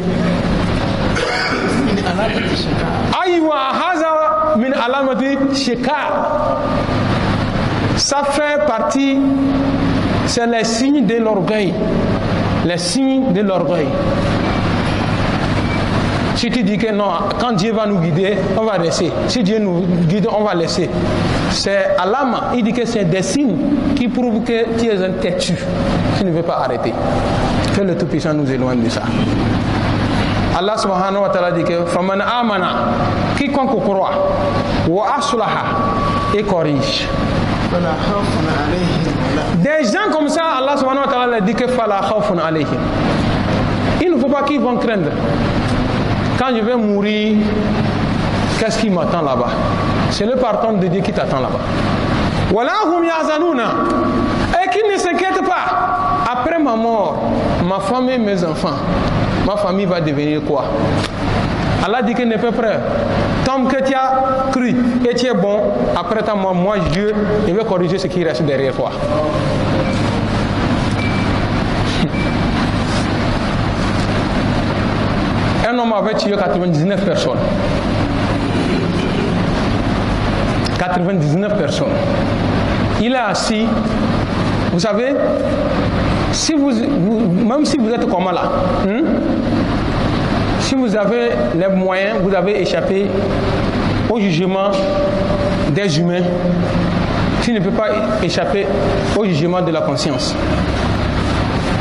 aywa haza min alamati shika ça fait partie c'est les signes de l'orgueil les signes de l'orgueil si tu dis que non, quand Dieu va nous guider, on va laisser. Si Dieu nous guide, on va laisser. C'est l'âme. Il dit que c'est des signes qui prouvent que tu es un têtu. Tu ne veux pas arrêter. Que le Tout-Puissant nous éloigne de ça. Allah subhanahu wa ta'ala dit que Faman amana, quiconque croit, wa aslaha, et corrige. Des gens comme ça, Allah subhanahu wa ta'ala dit que Fala alayhim. Il ne faut pas qu'ils vont craindre. Quand je vais mourir, qu'est-ce qui m'attend là-bas C'est le pardon de Dieu qui t'attend là-bas. Voilà hum, Et qui ne s'inquiète pas. Après ma mort, ma femme et mes enfants, ma famille va devenir quoi Allah dit qu'il ne pas prêt. Tant que tu as cru et tu es bon, après ta mort, moi, Dieu, je vais corriger ce qui reste derrière toi. on 99 personnes. 99 personnes. Il est assis. Vous savez, si vous, même si vous êtes comme là, hein, si vous avez les moyens, vous avez échappé au jugement des humains. qui ne peut pas échapper au jugement de la conscience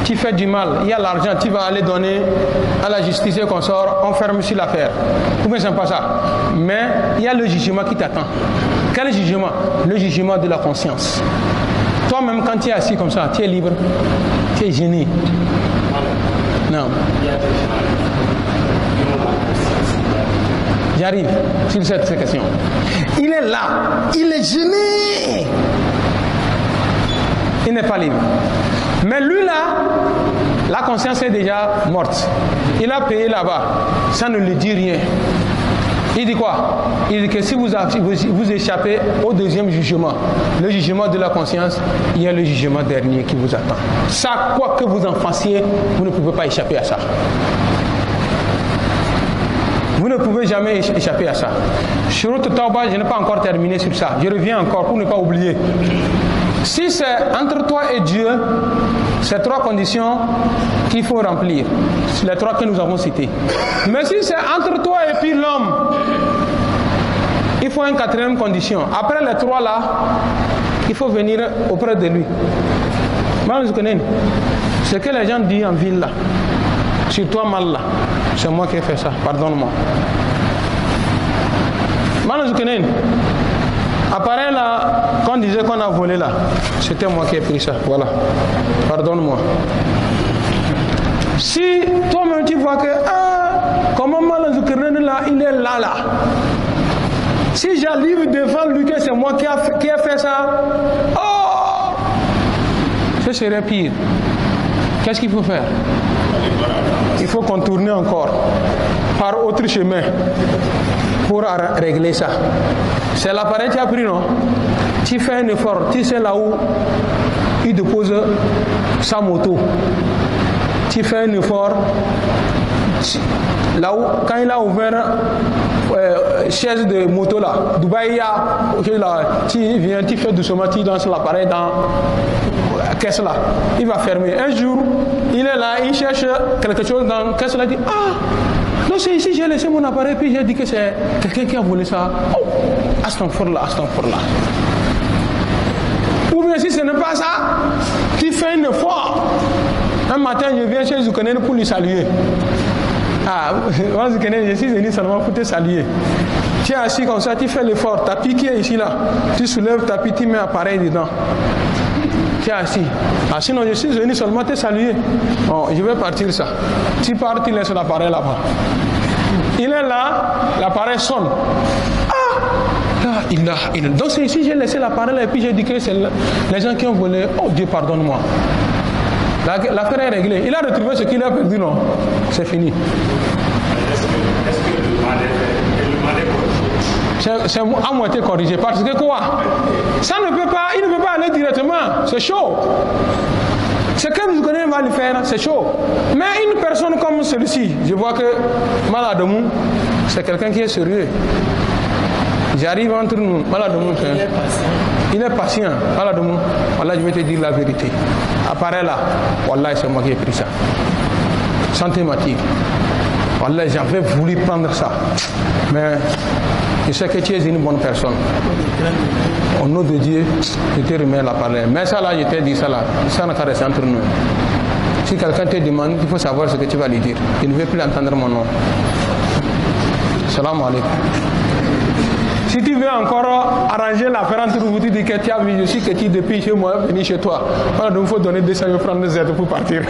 tu fais du mal, il y a l'argent, tu vas aller donner à la justice et qu'on sort, on ferme sur l'affaire. Ou bien c'est pas ça. Mais il y a le jugement qui t'attend. Quel jugement Le jugement de la conscience. Toi-même, quand tu es assis comme ça, tu es libre, tu es gêné. Non. J'arrive sur cette question. Il est là, il est gêné. Il n'est pas libre. Mais lui là, la conscience est déjà morte. Il a payé là-bas. Ça ne lui dit rien. Il dit quoi Il dit que si vous, vous, échappez au deuxième jugement, le jugement de la conscience, il y a le jugement dernier qui vous attend. Ça, quoi que vous en fassiez, vous ne pouvez pas échapper à ça. Vous ne pouvez jamais échapper à ça. Sur Tauba, je n'ai pas encore terminé sur ça. Je reviens encore pour ne pas oublier. Si c'est entre toi et Dieu, c'est trois conditions qu'il faut remplir, les trois que nous avons citées. Mais si c'est entre toi et puis l'homme, il faut une quatrième condition. Après les trois là, il faut venir auprès de lui. Ce que les gens disent en ville là, sur toi mal là, c'est moi qui ai fait ça, pardonne-moi. Appareil là, on disait qu'on a volé là, c'était moi qui ai pris ça. Voilà. Pardonne-moi. Si toi-même tu vois que, ah, comment là, il est là là. Si j'arrive devant lui que c'est moi qui ai qui fait ça, oh, ce serait pire. Qu'est-ce qu'il faut faire Il faut contourner encore par autre chemin pour régler ça. C'est l'appareil qui a pris, non Tu fais un effort, tu sais là où il dépose sa moto. Tu fais un effort. là où, quand il a ouvert euh, chaise de moto là, Dubaï, il y a, là, tu viens, tu fais doucement, tu danses l'appareil dans la caisse là. Il va fermer. Un jour, il est là, il cherche quelque chose dans la caisse là, il dit Ah non, c'est ici, j'ai laissé mon appareil, puis j'ai dit que c'est quelqu'un qui a volé ça. Oh, Astanforla, là. Ou bien si ce n'est pas ça, tu fais un effort. Un matin, je viens chez Zoukenen pour lui saluer. Ah, moi Zoukenen, je suis venu seulement pour te saluer. Tu es assis comme ça, tu fais l'effort. Tapis qui est ici là, tu soulèves tapis, tu mets appareil dedans. Tiens es assis. non je suis venu seulement te saluer. Bon, je vais partir ça. Tu pars, tu laisses l'appareil là-bas. Il est là, l'appareil sonne. Ah, il Donc c'est ici j'ai laissé l'appareil et puis j'ai dit que c'est les gens qui ont volé. Oh Dieu, pardonne-moi. L'affaire est réglée. Il a retrouvé ce qu'il a perdu, non C'est fini. c'est à moitié corrigé. Parce que quoi Ça ne peut pas, il ne peut pas aller directement. C'est chaud. Ce que vous va lui faire, c'est chaud. Mais une personne comme celui-ci, je vois que Maladomou, c'est quelqu'un qui est sérieux. J'arrive entre nous, Maladomou, Il est patient. Il est patient, Voilà, je vais te dire la vérité. Apparaît là. Voilà, c'est moi qui ai pris ça. Santé thématique. Voilà, j'avais voulu prendre ça. Mais je sais que tu es une bonne personne. Au nom de Dieu, je te remets la parole. Mais ça là, je t'ai dit ça là. Ça n'a pas rester entre nous. Si quelqu'un te demande, il faut savoir ce que tu vas lui dire. Il ne veut plus entendre mon nom. Salam alaikum. Si tu veux encore arranger l'affaire entre vous, tu dis que tu as vu, je suis que tu depuis chez moi, venu chez toi. Voilà, donc faut donner 200 francs de Z pour partir.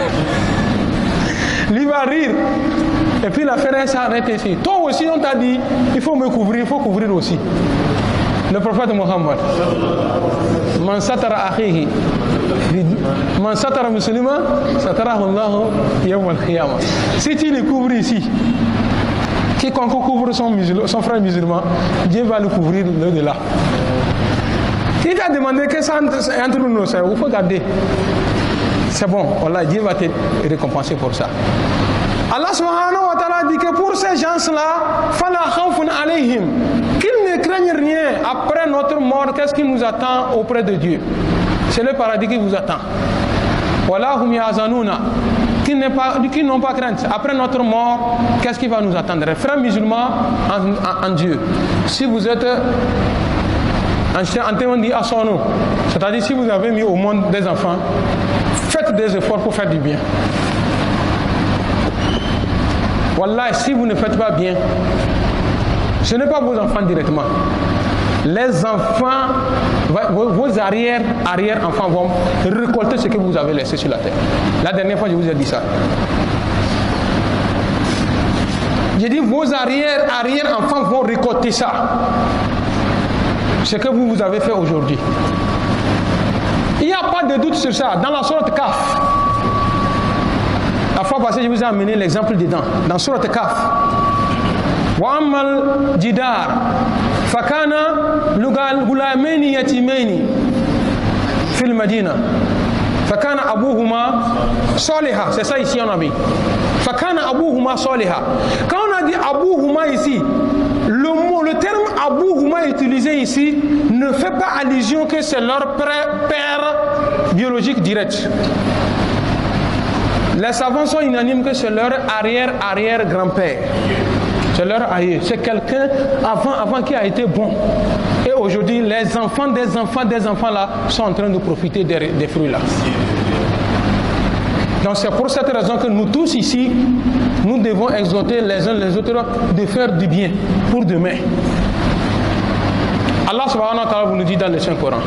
Lui va rire. Et puis la ferraille s'arrête ici. Toi aussi, on t'a dit, il faut me couvrir, il faut couvrir aussi. Le prophète Mohammed. Man satara akhihi. Man satara musulman, satara allahu yawm al Si tu le couvres ici, quiconque couvre son, son frère musulman, Dieu va le couvrir de delà Il t'a demandé que ça entre nous, il faut garder. C'est bon, Allah, Dieu va te récompenser pour ça. Allah subhanahu wa que pour ces gens-là, qu'ils ne craignent rien après notre mort, qu'est-ce qui nous attend auprès de Dieu C'est le paradis qui vous attend. Voilà hum qui n'ont pas, qui pas crainte. Après notre mort, qu'est-ce qui va nous attendre Frères musulmans en, Dieu, si vous êtes en nom c'est-à-dire si vous avez mis au monde des enfants, faites des efforts pour faire du bien. Wallah, si vous ne faites pas bien, ce n'est pas vos enfants directement. Les enfants, vos arrières, arrière-enfants vont récolter ce que vous avez laissé sur la terre. La dernière fois, je vous ai dit ça. J'ai dit, vos arrières, arrière-enfants vont récolter ça. Ce que vous, vous avez fait aujourd'hui. Il n'y a pas de doute sur ça. Dans la sorte CAF, fois je vous ai amené l'exemple dedans, dans Surat Kaf. Wa'amal jidar fakana lugal Meni yatimeni fil madina fakana abuhuma soliha. C'est ça ici, on a mis. Fakana abuhuma soliha. Quand on a dit abuhuma ici, le mot, le terme abuhuma utilisé ici ne fait pas allusion que c'est leur père biologique direct. Les savants sont unanimes que c'est leur arrière-arrière-grand-père. C'est leur arrière. C'est quelqu'un avant, avant qui a été bon. Et aujourd'hui, les enfants des enfants des enfants là sont en train de profiter des fruits là. Donc c'est pour cette raison que nous tous ici, nous devons exhorter les uns les autres de faire du bien pour demain. Allah subhanahu wa ta'ala vous le dit dans le Saint-Coran.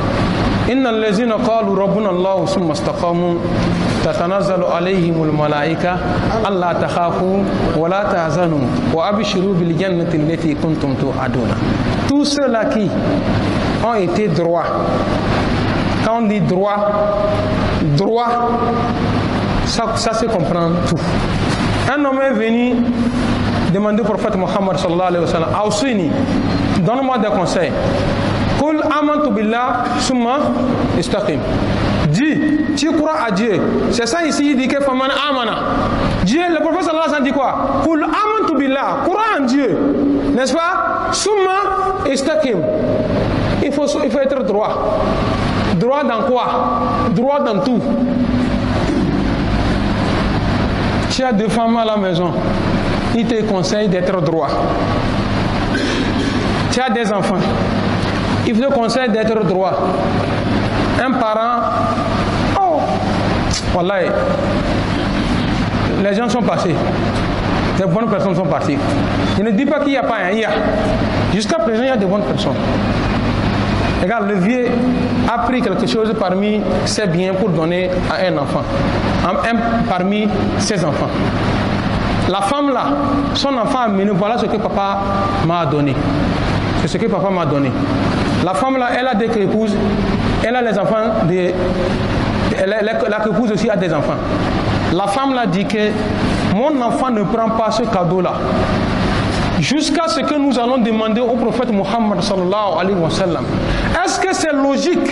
Inna qalu إن الذين قالوا ربنا الله ثم استقاموا تتنزل عليهم الملائكة ألا تخافوا ولا تحزنوا وأبشروا بالجنة التي كنتم توعدون Tous ceux-là qui ont été droits, quand on dit droit, droit, ça, ça se comprend tout. Un homme est venu demander au prophète Mohammed sallallahu alayhi wa sallam, Donne-moi des conseils. Kul amantu billah summa istaqim. Dis, tu crois à Dieu. C'est ça ici, il dit que faman amana. Dieu, le prophète sallallahu alayhi wa sallam dit quoi Kul amantu billah, crois en Dieu. N'est-ce pas Summa istaqim. Il faut, il faut être droit. Droit dans quoi Droit dans tout. Tu as deux femmes à la maison. Il te conseille d'être droit des enfants, il le conseille d'être droit. Un parent, oh, voilà. les gens sont passés. Des bonnes personnes sont parties. Je ne dis pas qu'il n'y a pas un, il y a. Jusqu'à présent, il y a des bonnes personnes. Regarde, le vieux a pris quelque chose parmi ses biens pour donner à un enfant, parmi ses enfants. La femme là, son enfant mais mené, voilà ce que papa m'a donné. C'est ce que papa m'a donné. La femme là, elle a des épouses, elle a les enfants, des... elle, la épouse aussi a des enfants. La femme là dit que mon enfant ne prend pas ce cadeau là. Jusqu'à ce que nous allons demander au prophète Mohammed sallallahu alayhi wa sallam. Est-ce que c'est logique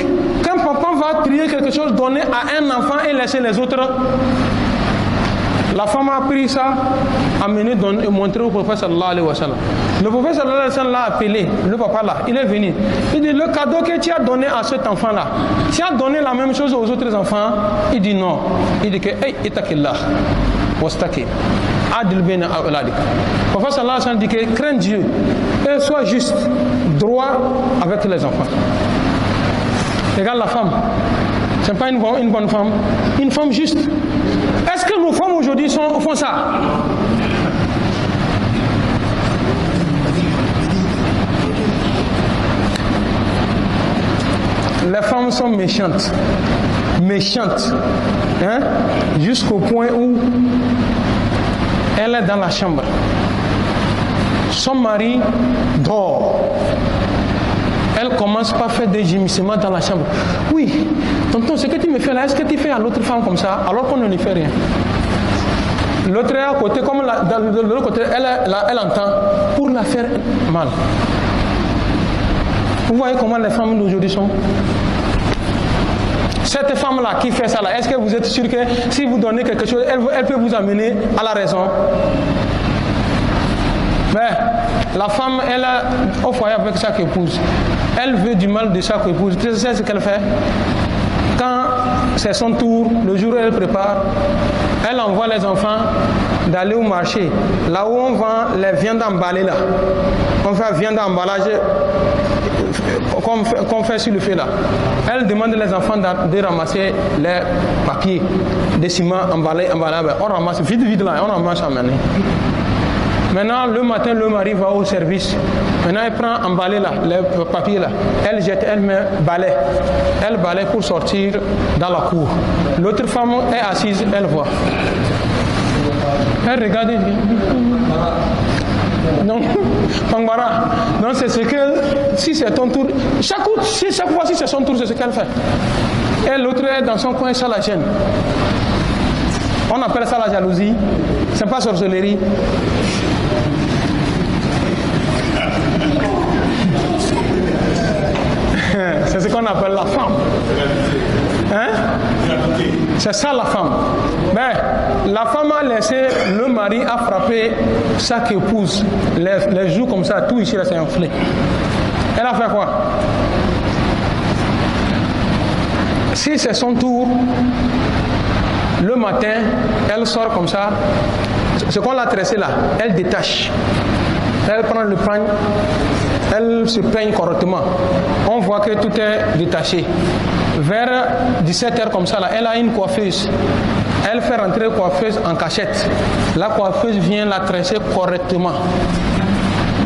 qu'un papa va prier quelque chose donné à un enfant et laisser les autres la femme a pris ça, a mené et montré au prophète sallallahu alayhi wa Le prophète sallallahu alayhi wa sallam l'a appelé, le papa là, il est venu. Il dit, le cadeau que tu as donné à cet enfant là, tu as donné la même chose aux autres enfants Il dit non. Il dit que, hey, itakillah, wastaki, adil bena auladik. Le prophète sallallahu alayhi wa dit que, crains Dieu et sois juste, droit avec les enfants. Regarde la femme. Ce n'est pas une bonne femme, une femme juste. Est-ce que nos femmes aujourd'hui font ça Les femmes sont méchantes, méchantes, hein? jusqu'au point où elle est dans la chambre. Son mari dort. Elle commence par faire des gémissements dans la chambre. Oui, tonton, ce que tu me fais là, est-ce que tu fais à l'autre femme comme ça alors qu'on ne lui fait rien L'autre est à côté, comme la, de l'autre côté, elle, elle entend pour la faire mal. Vous voyez comment les femmes d'aujourd'hui sont cette femme-là qui fait ça, là, est-ce que vous êtes sûr que si vous donnez quelque chose, elle, peut vous amener à la raison Mais la femme, elle, au foyer avec chaque épouse, elle veut du mal de chaque épouse. Tu sais ce qu'elle fait Quand c'est son tour, le jour où elle prépare, elle envoie les enfants d'aller au marché, là où on vend les viandes emballées là. On fait viande emballage euh, qu'on fait, sur le feu là. Elle demande les enfants de, ramasser les papiers, des ciments emballés, emballés. On ramasse vite, vite là, on ramasse à mener. Maintenant, le matin, le mari va au service. Maintenant, elle prend emballer là, le papier là. Elle jette, elle met balai. Elle balai pour sortir dans la cour. L'autre femme est assise, elle voit. Elle regarde. Non, Pangbara. Non, c'est ce que, si c'est ton tour, chaque, fois, si c'est son tour, c'est ce qu'elle fait. Et l'autre est dans son coin, ça la gêne. On appelle ça la jalousie. C'est pas sorcellerie. C'est ce qu'on appelle la femme. Hein? C'est ça la femme. Mais ben, la femme a laissé le mari a frappé chaque épouse. Les, les joues comme ça, tout ici, là, c'est Elle a fait quoi Si c'est son tour, le matin, elle sort comme ça. Ce qu'on l'a tressé là, elle détache elle prend le peigne, elle se peigne correctement. On voit que tout est détaché. Vers 17h comme ça, elle a une coiffeuse. Elle fait rentrer la coiffeuse en cachette. La coiffeuse vient la tresser correctement.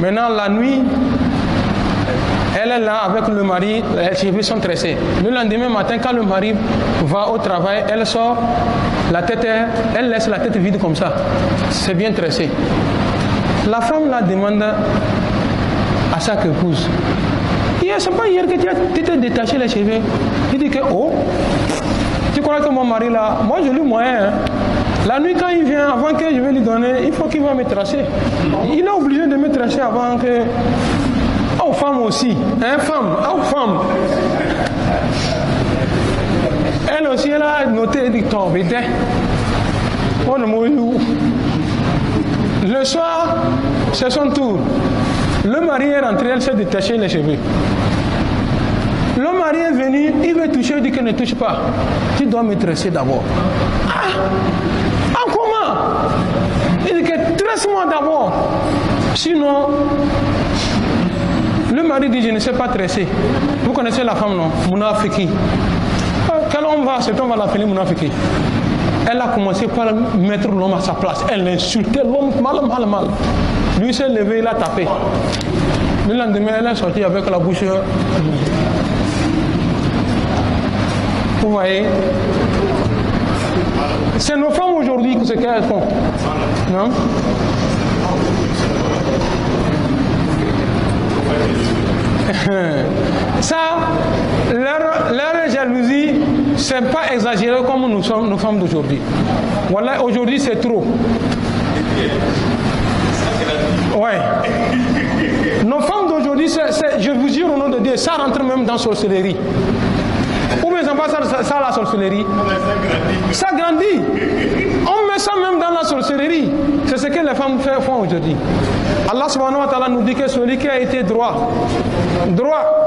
Maintenant, la nuit, elle est là avec le mari, elle cheveux son tressé. Le lendemain matin, quand le mari va au travail, elle sort, la tête, elle laisse la tête vide comme ça. C'est bien tressé. La femme la demande à chaque épouse Hier, c'est pas hier que tu t'es détaché les cheveux. Il dit que, oh, tu crois que mon mari là, moi je lui moyen. Hein. La nuit, quand il vient, avant que je vais lui donner, il faut qu'il va me tracer. Il a obligé de me tracer avant que. Oh, femme aussi. Hein, femme. Oh, femme. Elle aussi, elle a noté, elle dit, tombe, le soir, c'est son tour. Le mari est rentré, elle s'est détachée les cheveux. Le mari est venu, il veut toucher, il dit que ne touche pas. Tu dois me tresser d'abord. Ah, En comment Il dit que tresse-moi d'abord. Sinon, le mari dit je ne sais pas tresser. Vous connaissez la femme, non Mounafriki. Ah, quel homme va Cet homme va l'appeler Mounafriki. Elle a commencé par mettre l'homme à sa place. Elle insultait l'homme mal, mal, mal. Lui s'est levé, il a tapé. Le lendemain, elle est sortie avec la bouche. Euh, vous voyez C'est nos femmes aujourd'hui que ce qu'elles font. Non Ça, leur jalousie c'est pas exagéré comme nous sommes, nos femmes d'aujourd'hui. Voilà, aujourd'hui c'est trop. Ouais. Nos femmes d'aujourd'hui, c'est je vous jure au nom de Dieu, ça rentre même dans sorcellerie. Où mes en ça, ça, la sorcellerie. Ça grandit. On met ça même dans la sorcellerie. C'est ce que les femmes font aujourd'hui. Allah subhanahu wa ta'ala nous dit que celui qui a été droit, droit,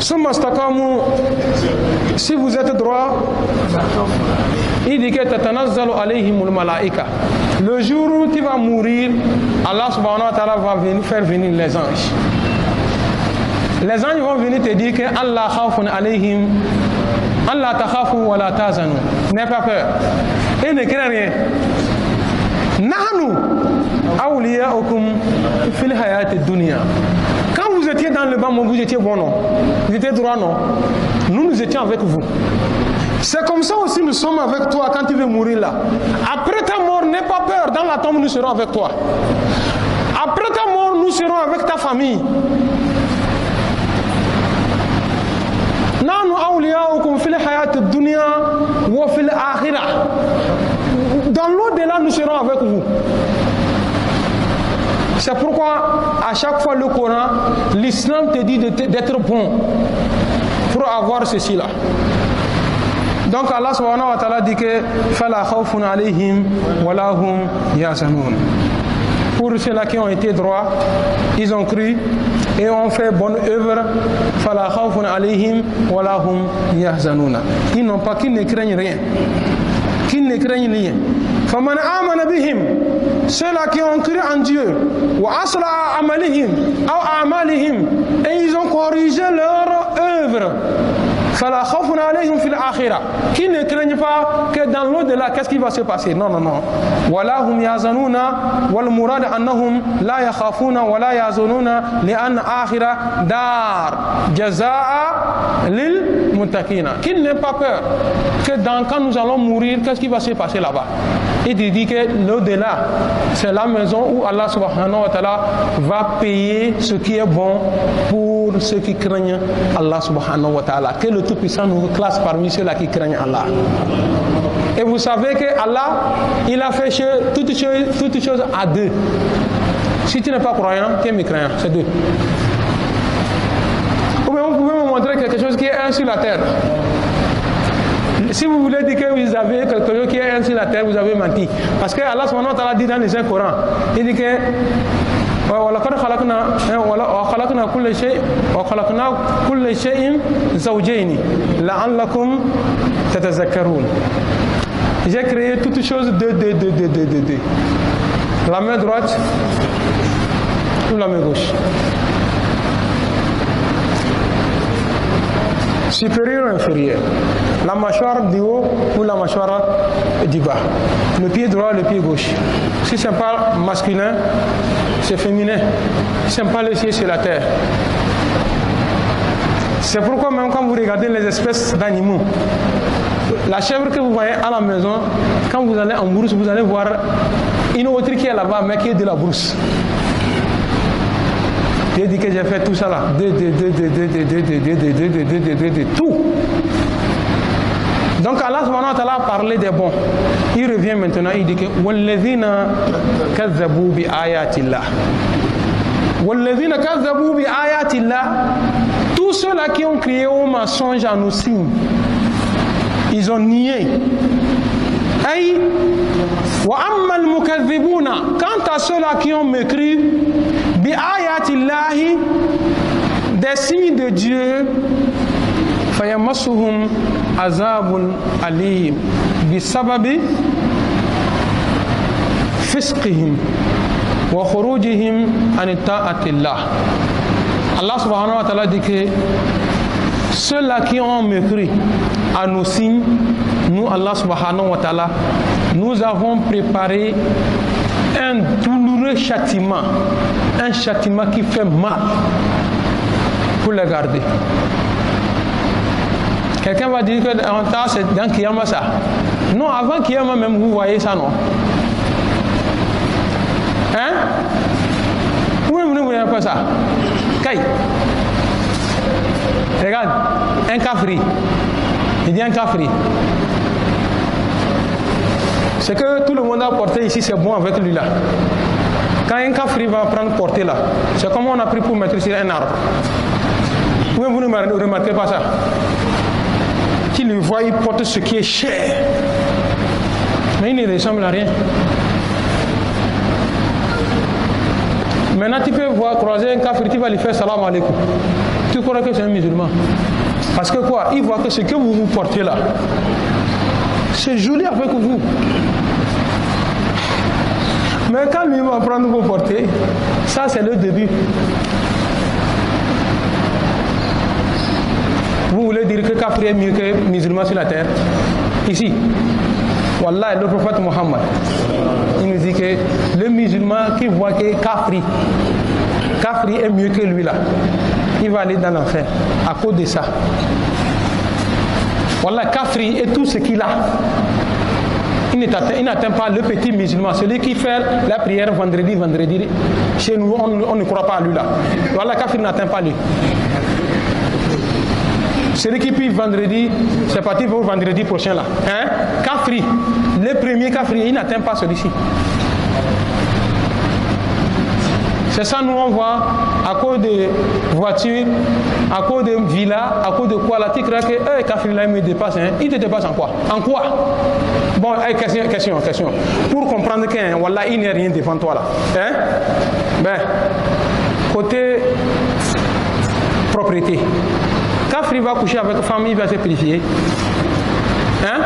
ثم si vous êtes droit il dit que tatanazzalu alayhim malaika le jour où tu vas mourir Allah subhanahu wa ta'ala va venir, faire venir les anges les anges vont venir te dire que Allah khafun alayhim Allah takhafu wa la tazanu n'aie pas peur et ne crains rien nahnu awliyaukum fil hayati dunya dans le banc, vous étiez bon, non Vous étiez droit, non Nous, nous étions avec vous. C'est comme ça aussi nous sommes avec toi quand tu veux mourir là. Après ta mort, n'aie pas peur, dans la tombe, nous serons avec toi. Après ta mort, nous serons avec ta famille. Dans l'au-delà, nous serons avec vous. C'est pourquoi à chaque fois le Coran, l'islam te dit d'être bon pour avoir ceci-là. Donc Allah subhanahu wa ta'ala dit que fala khawfun alayhim hum Pour ceux-là qui ont été droits, ils ont cru et ont fait bonne œuvre. Fala khawfun alayhim hum Ils n'ont pas qu'ils ne craignent rien. Qu'ils ne craignent rien. Faman amana bihim ceux-là qui ont cru en Dieu, et ils ont corrigé leur œuvre qui ne craignent pas que dans l'au-delà, qu'est-ce qui va se passer Non, non, non. Qui n'a pas peur que dans, quand nous allons mourir qu'est-ce qui va se passer là-bas Et il dit que l'au-delà c'est la maison où Allah subhanahu wa ta'ala va payer ce qui est bon pour ceux qui craignent Allah subhanahu wa ta'ala. Que le Tout-Puissant nous classe parmi ceux-là qui craignent Allah. Et vous savez que Allah, il a fait toutes choses, choses à deux. Si tu n'es pas croyant, tu es mécréant, c'est deux. vous pouvez me montrer quelque chose qui est un sur la terre. Si vous voulez dire que vous avez quelque chose qui est un sur la terre, vous avez menti. Parce que Allah subhanahu wa ta'ala dit dans les coran il dit que ولقد خلقنا وخلقنا كل شيء وخلقنا كل شيء زوجين لعلكم تتذكرون J'ai créé toutes choses de, de, de, de, de, de, de. La main droite ou la main gauche. Supérieur ou inférieur. la mâchoire du haut ou la mâchoire du bas. Le pied droit, le pied gauche. Si ce n'est pas masculin, c'est féminin. Si ce n'est pas le ciel, c'est la terre. C'est pourquoi même quand vous regardez les espèces d'animaux, la chèvre que vous voyez à la maison, quand vous allez en brousse, vous allez voir une autre qui est là-bas, mais qui est de la brousse. J'ai dit que j'ai fait tout ça là. De, Tout. Donc Allah subhanahu wa a parlé des bons. Il revient maintenant, il dit que kazabu bi ayatillah. kazabu bi ayatillah. Tous ceux-là qui ont créé au mensonge à nos ils ont nié. Aïe wa ammal mukazibuna. Quant à ceux-là qui ont mécru, bi ayatillahi, des signes de Dieu, فيمسهم عذاب أليم بسبب فسقهم وخروجهم عن طاعة الله الله سبحانه وتعالى ta'ala ceux-là qui ont mécrit à nos signes, nous, Allah subhanahu wa ta'ala, nous avons préparé un douloureux châtiment, un châtiment qui fait mal pour les garder. Quelqu'un va dire que en c'est dans Kiyama ça. Non, avant Kiyama même, vous voyez ça, non Hein que vous ne voyez pas ça Kay. Regarde, un cafri. Il dit un cafri. Ce que tout le monde a porté ici, c'est bon avec lui là. Quand un cafri va prendre portée là, c'est comme on a pris pour mettre sur un arbre. que vous ne remarquez pas ça qui le voit, il porte ce qui est cher. Mais il ne ressemble à rien. Maintenant, tu peux voir croiser un café, tu vas lui faire salam alaikum. Tu crois que c'est un musulman. Parce que quoi Il voit que ce que vous vous portez là, c'est joli avec vous. Mais quand lui va prendre vos portées, ça c'est le début. voulez dire que Kafri est mieux que musulman sur la terre Ici, Voilà, le prophète Mohammed, il nous dit que le musulman qui voit que Kafri, est mieux que lui là, il va aller dans l'enfer à cause de ça. Voilà, Kafri et tout ce qu'il a. Il n'atteint pas le petit musulman, celui qui fait la prière vendredi, vendredi. Chez nous, on, ne croit pas à lui là. Voilà, Kafri n'atteint pas lui. Celui qui vendredi, c'est parti pour vendredi prochain là. Hein? Cafri, le premier Cafri, il n'atteint pas celui-ci. C'est ça, nous on voit à cause de voitures, à cause de villas, à cause de quoi là, tu crois que Cafri Kafri là, il me dépasse, hein? il te dépasse en quoi En quoi Bon, question, question, question. Pour comprendre qu'un, voilà, il a rien devant toi là. Hein? Ben, côté propriété il va coucher avec la famille il va se purifier. Hein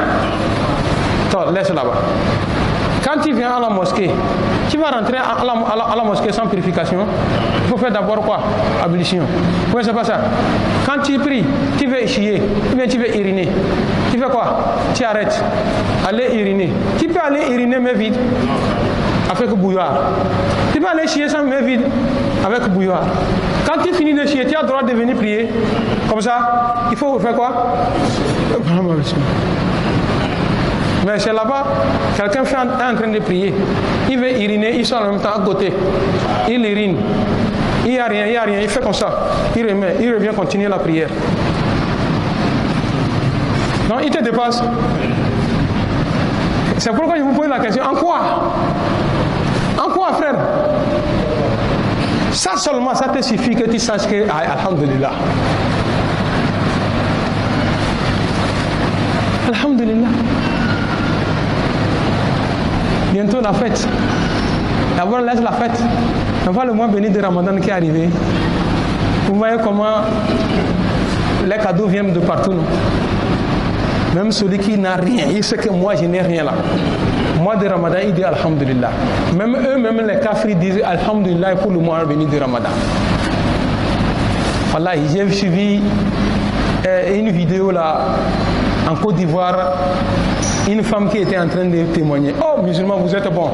Toi, laisse là-bas. Quand tu viens à la mosquée, tu vas rentrer à la, mosquée sans purification. Il faut faire d'abord quoi Abolition. Oui, c'est pas ça. Quand tu pries, tu veux chier, bien tu veux uriner. Tu fais quoi Tu arrêtes. Allez uriner. Tu peux aller uriner, mais vite avec bouillard. Tu peux aller chier sans main vide avec bouillard. Quand tu finis de chier, tu as le droit de venir prier. Comme ça, il faut faire quoi mais c'est là-bas, quelqu'un est en train de prier. Il veut iriner, il sort en même temps à côté. Il irine. Il n'y a rien, il n'y a rien. Il fait comme ça. Il remet, il revient continuer la prière. Non, il te dépasse. C'est pourquoi je vous pose la question. En quoi en quoi, frère Ça seulement, ça te suffit que tu saches que, ah, Alhamdulillah. Alhamdulillah. Bientôt la fête. D'abord, laisse la fête. On voit le mois béni de Ramadan qui est arrivé. Vous voyez comment les cadeaux viennent de partout. Non Même celui qui n'a rien, il sait que moi, je n'ai rien là mois de Ramadan, ils disent Alhamdulillah. Même eux, même les kafirs disent Alhamdulillah pour le mois béni de Ramadan. Voilà, j'ai suivi euh, une vidéo là en Côte d'Ivoire une femme qui était en train de témoigner. Oh, musulman, vous êtes bon.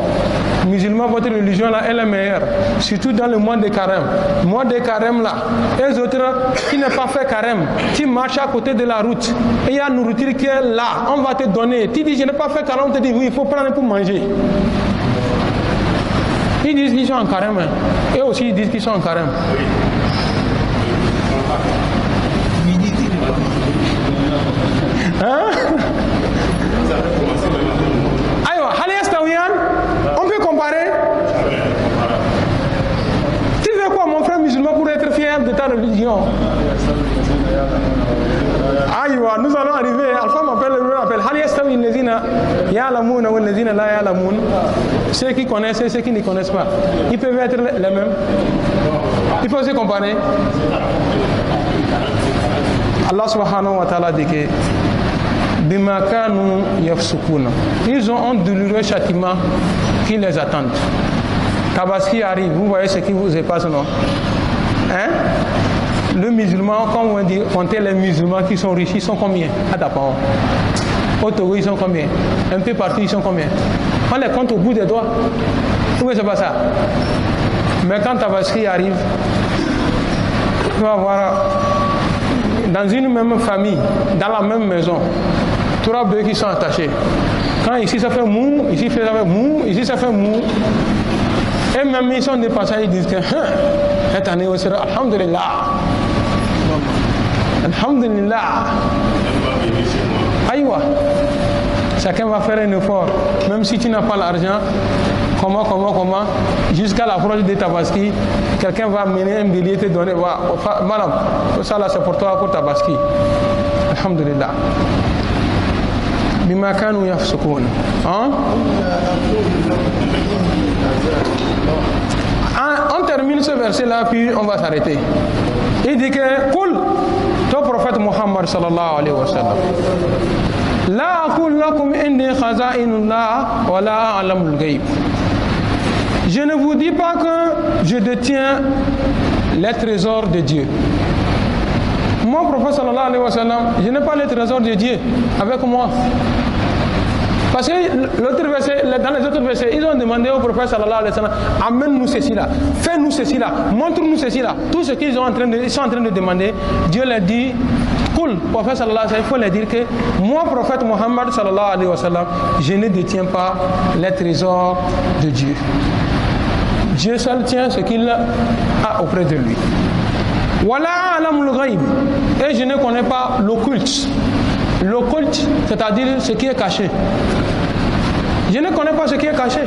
Musulman, votre religion là, elle est meilleure. Surtout dans le mois de carême. Mois de carême là, les autres qui n'ont pas fait carême, qui marchent à côté de la route, et il y a nourriture qui est là, on va te donner. Tu dis, je n'ai pas fait carême, on te dit, oui, il faut prendre pour manger. Ils disent qu'ils sont en carême. Hein. Et aussi, ils disent qu'ils sont en carême. Hein? ta religion. Aïwa, nous allons arriver. Alpha m'appelle, la rappelle. Ceux qui connaissent et ceux qui ne connaissent pas, ils peuvent être les mêmes. Ils peuvent se comparer. Allah subhanahu wa ta'ala dit que ils ont un douloureux châtiment qui les attend. Tabaski arrive, vous voyez ce qui vous est passé, non Hein? Le musulman, comme on dit, comptez les musulmans qui sont riches, ils sont combien À d'abord autour ils sont combien Un peu partout, ils sont combien On les compte au bout des doigts. Pourquoi c'est pas ça Mais quand Tabaski arrive, tu vas voir dans une même famille, dans la même maison, trois bœufs qui sont attachés. Quand ici ça fait mou, ici ça fait mou, ici ça fait mou. Et même ils sont dépassés, ils disent que hein, heta ni wasira alhamdulillah alhamdulillah aïwa chacun va faire un effort même si tu n'as pas l'argent comment comment comment jusqu'à l'approche de Tabaski quelqu'un va mener un billet te donner wa va madame ça là c'est pour toi pour Tabaski alhamdulillah bima kanu yafsukun hein ce verset-là, puis on va s'arrêter. Il dit que, prophète mohammed sallallahu alayhi wa sallam. La wa Je ne vous dis pas que je détiens les trésors de Dieu. Mon prophète sallallahu alayhi wa je n'ai pas les trésors de Dieu avec moi. Parce que dans les autres versets, ils ont demandé au prophète sallallahu alayhi wa sallam, amène-nous ceci là, fais-nous ceci là, montre-nous ceci là. Tout ce qu'ils sont en train de demander, Dieu leur dit, cool, prophète sallallahu alayhi wa sallam, il faut leur dire que moi, prophète Mohammed sallallahu alayhi wa sallam, je ne détiens pas les trésors de Dieu. Dieu seul tient ce qu'il a auprès de lui. Voilà, et je ne connais pas l'occulte. L'occulte, c'est-à-dire ce qui est caché. Je ne connais pas ce qui est caché.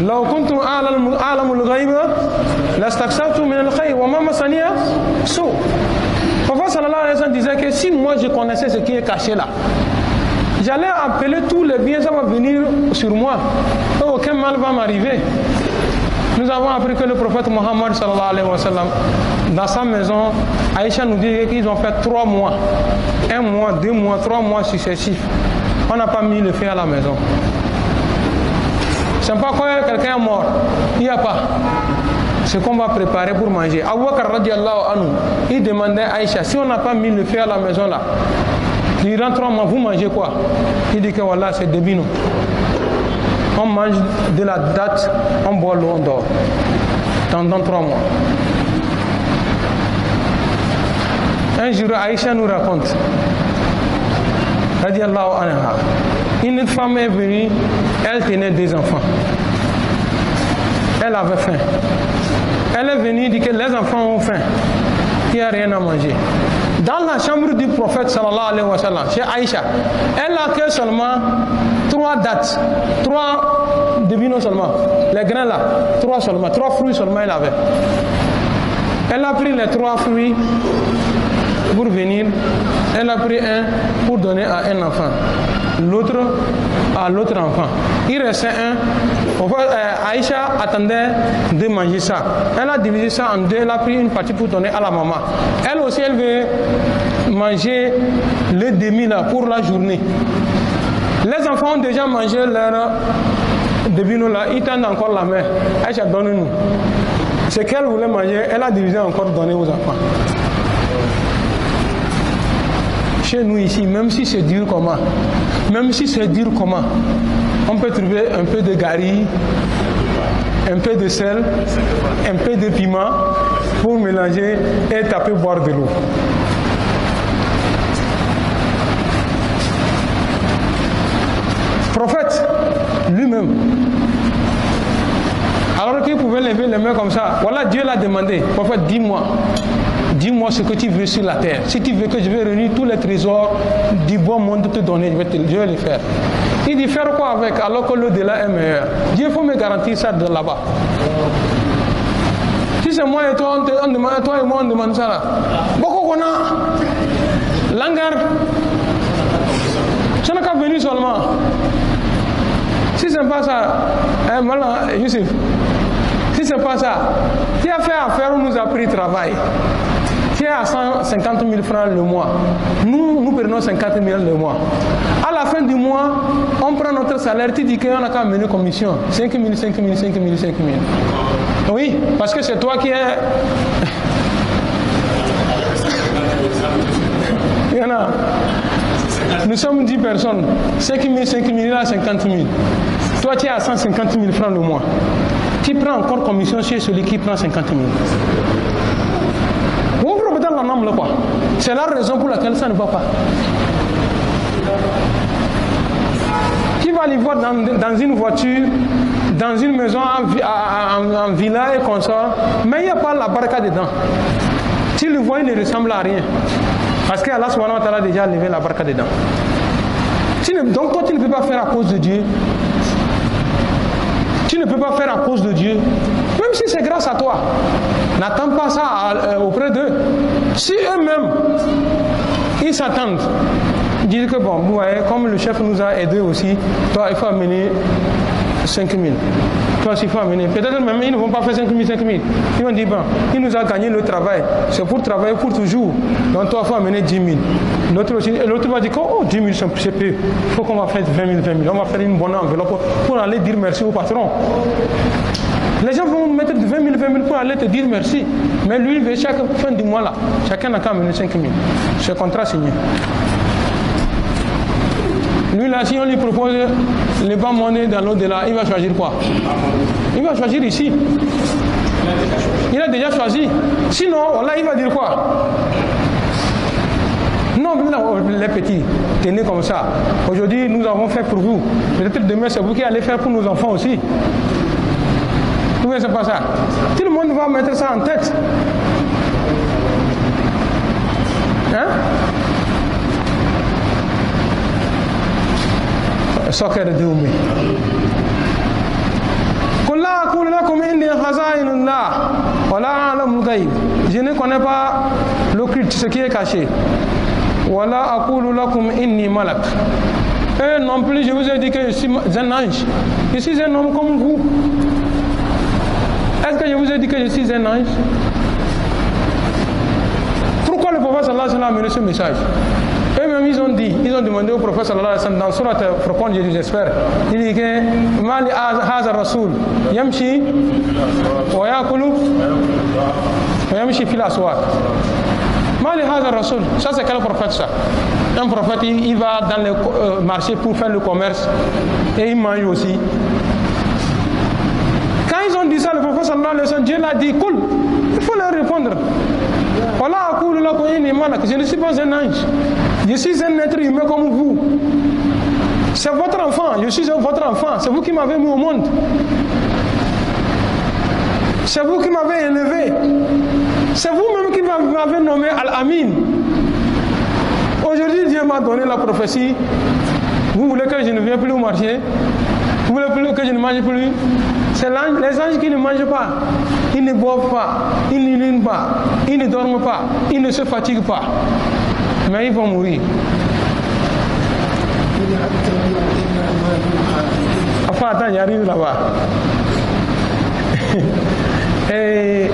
لو la أعلم أعلم الغيب le من الخير وما مسني سوء. Parfois, sallallahu alayhi wa sallam disait que si moi je connaissais ce qui est caché là, j'allais appeler tous les biens, ça va venir sur moi. aucun mal va m'arriver. Nous avons appris que le prophète Mohammed, dans sa maison, Aïcha nous dit qu'ils ont fait trois mois. Un mois, deux mois, trois mois successifs. On n'a pas mis le feu à la maison. C'est pas quoi quelqu'un est mort. Il n'y a pas. Ce qu'on va préparer pour manger. Awakar radiallahu anhu, il demandait à Aïcha, si on n'a pas mis le feu à la maison là, rentre en main, vous mangez quoi Il dit que voilà, c'est des on mange de la date, on boit l'eau, on dort. Dans, trois mois. Un jour, Aïcha nous raconte, radiallahu anha, une femme est venue, elle tenait des enfants. Elle avait faim. Elle est venue, dit que les enfants ont faim. Il n'y a rien à manger. Dans la chambre du prophète, sallallahu alayhi wa sallam, chez Aïcha, elle a accueille seulement trois dates, trois devinons seulement, les grains là, trois seulement, trois fruits seulement elle avait. Elle a pris les trois fruits pour venir, elle a pris un pour donner à un enfant, l'autre à l'autre enfant. Il restait un. Euh, Aïcha attendait de manger ça. Elle a divisé ça en deux, elle a pris une partie pour donner à la maman. Elle aussi, elle veut manger le demi là pour la journée. Les enfants ont déjà mangé leur devine là, ils tendent encore la main. elle donne-nous. Ce qu'elle voulait manger, elle a divisé encore donné aux enfants. Chez nous ici, même si c'est dur comment, même si c'est dur comment, on peut trouver un peu de gari, un peu de sel, un peu de piment pour mélanger et taper boire de l'eau. lui-même. Alors qu'il pouvait lever les mains comme ça. Voilà, Dieu l'a demandé. Prophète, dis-moi. Dis-moi ce que tu veux sur la terre. Si tu veux que je vais réunir tous les trésors du bon monde te donner, je vais, te, les faire. Il dit faire quoi avec alors que le delà est meilleur Dieu faut me garantir ça de là-bas. Si c'est moi et toi, on, toi et moi, on demande ça là. Beaucoup qu'on a. L'angar. Ce n'est qu'à venir seulement. Si ce n'est pas ça, hein, si ce n'est pas ça, tu as fait affaire, où nous a pris travail. Tu es à 150 000 francs le mois. Nous, nous prenons 50 000 le mois. À la fin du mois, on prend notre salaire, tu dis qu'on a qu'à mener commission. 5 000, 5 000, 5 000, 5 000. Oui, parce que c'est toi qui es Nous sommes 10 personnes. 5 000, 5 000, il 50 000. Toi, tu es à 150 000 francs le mois. Tu prends encore commission chez celui qui prend 50 000. C'est la raison pour laquelle ça ne va pas. Qui va aller voir dans, une voiture, dans une maison, en, villa et comme ça, mais il n'y a pas la barca dedans. Tu le vois, il ne ressemble à rien. Parce qu'Allah subhanahu wa a déjà levé la barca dedans. donc toi tu ne peux pas faire à cause de Dieu. Tu ne peux pas faire à cause de Dieu. Même si c'est grâce à toi. N'attends pas ça euh, auprès d'eux. Si eux-mêmes, ils s'attendent, ils disent que bon, vous voyez, comme le chef nous a aidés aussi, toi il faut amener 5 000. Toi, il faut amener. Peut-être même ils ne vont pas faire 5 000, 5 000. Ils vont dire, ben, il nous a gagné le travail. C'est pour travailler pour toujours. Donc toi, il faut amener 10 000. L'autre, l'autre va dire, oh, 10 000, c'est plus. Il faut qu'on va faire 20 000, 20 000. On va faire une bonne enveloppe pour aller dire merci au patron. Les gens vont mettre 20 000, 20 000 pour aller te dire merci. Mais lui, il veut chaque fin du mois là. Chacun a qu'à amener 5 000. C'est contrat signé. Lui là, si on lui propose les pas monnaie dans l'au-delà, il va choisir quoi Il va choisir ici. Il a déjà choisi. Sinon, là, il va dire quoi non, oh, les petits, tenez comme ça. Aujourd'hui, nous avons fait pour vous. Peut-être demain, c'est vous qui allez faire pour nos enfants aussi. Vous ne pas ça Tout le monde va mettre ça en tête. Hein je ne connais pas l'occulte ce qui est caché l'a, malak. Eh, non plus, je vous ai dit que je suis un ange. Je suis un homme comme vous. Est-ce que je vous ai dit que je suis un ange Pourquoi le prophète Allah a mené ce message ils ont dit, ils ont demandé au prophète sallallahu alayhi wa sallam, dans surat Furqan, euh, Jésus j'espère, il dit que Mali Hazar Rasoul, yamchi, Wayakulu, Yamshi Fil Aswat. Mali Hazar Rasoul, ça c'est quel prophète ça Un prophète, il, va dans le euh, marché pour faire le commerce et il mange aussi. Quand ils ont dit ça, le prophète sallallahu alayhi wa sallam, Dieu l'a dit, cool, il faut leur répondre. Voilà, cool, là, je ne suis pas un ange. Je suis un être humain comme vous. C'est votre enfant, je suis votre enfant, c'est vous qui m'avez mis au monde. C'est vous qui m'avez élevé. C'est vous-même qui m'avez nommé Al-Amin. Aujourd'hui, Dieu m'a donné la prophétie. Vous voulez que je ne vienne plus au marché Vous voulez plus que je ne mange plus C'est les anges qui ne mangent pas. Ils ne boivent pas. Ils ne lignent pas. Ils ne dorment pas. Ils ne se fatiguent pas. Mais mourir. Enfin, attends, il arrive là-bas. Et eh,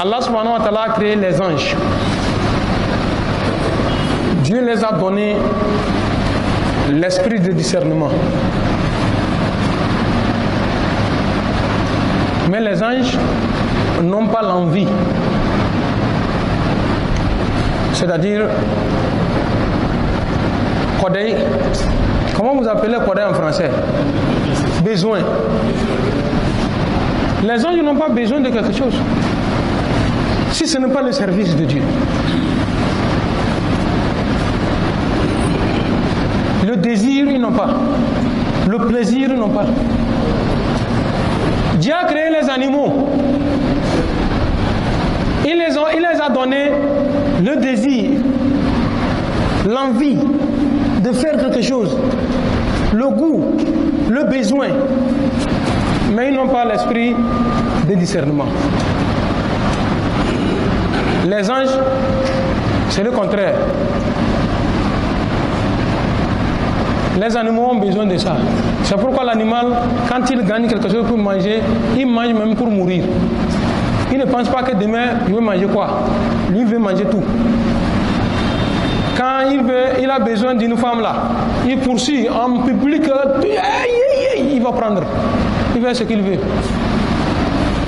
Allah subhanahu wa ta'ala a créé les anges. Dieu les a donné l'esprit de discernement. Mais les anges n'ont pas l'envie c'est-à-dire comment vous appelez Kodei en français Besoin. Les ils n'ont pas besoin de quelque chose. Si ce n'est pas le service de Dieu. Le désir, ils n'ont pas. Le plaisir, ils n'ont pas. Dieu a créé les animaux. Il les, a donné le désir, l'envie de faire quelque chose, le goût, le besoin, mais ils n'ont pas l'esprit de discernement. Les anges, c'est le contraire. Les animaux ont besoin de ça. C'est pourquoi l'animal, quand il gagne quelque chose pour manger, il mange même pour mourir. Il ne pense pas que demain, il veut manger quoi Lui, veut manger tout. Quand il veut, il a besoin d'une femme là, il poursuit en public, eh, eh, eh, il va prendre. Il veut ce qu'il veut.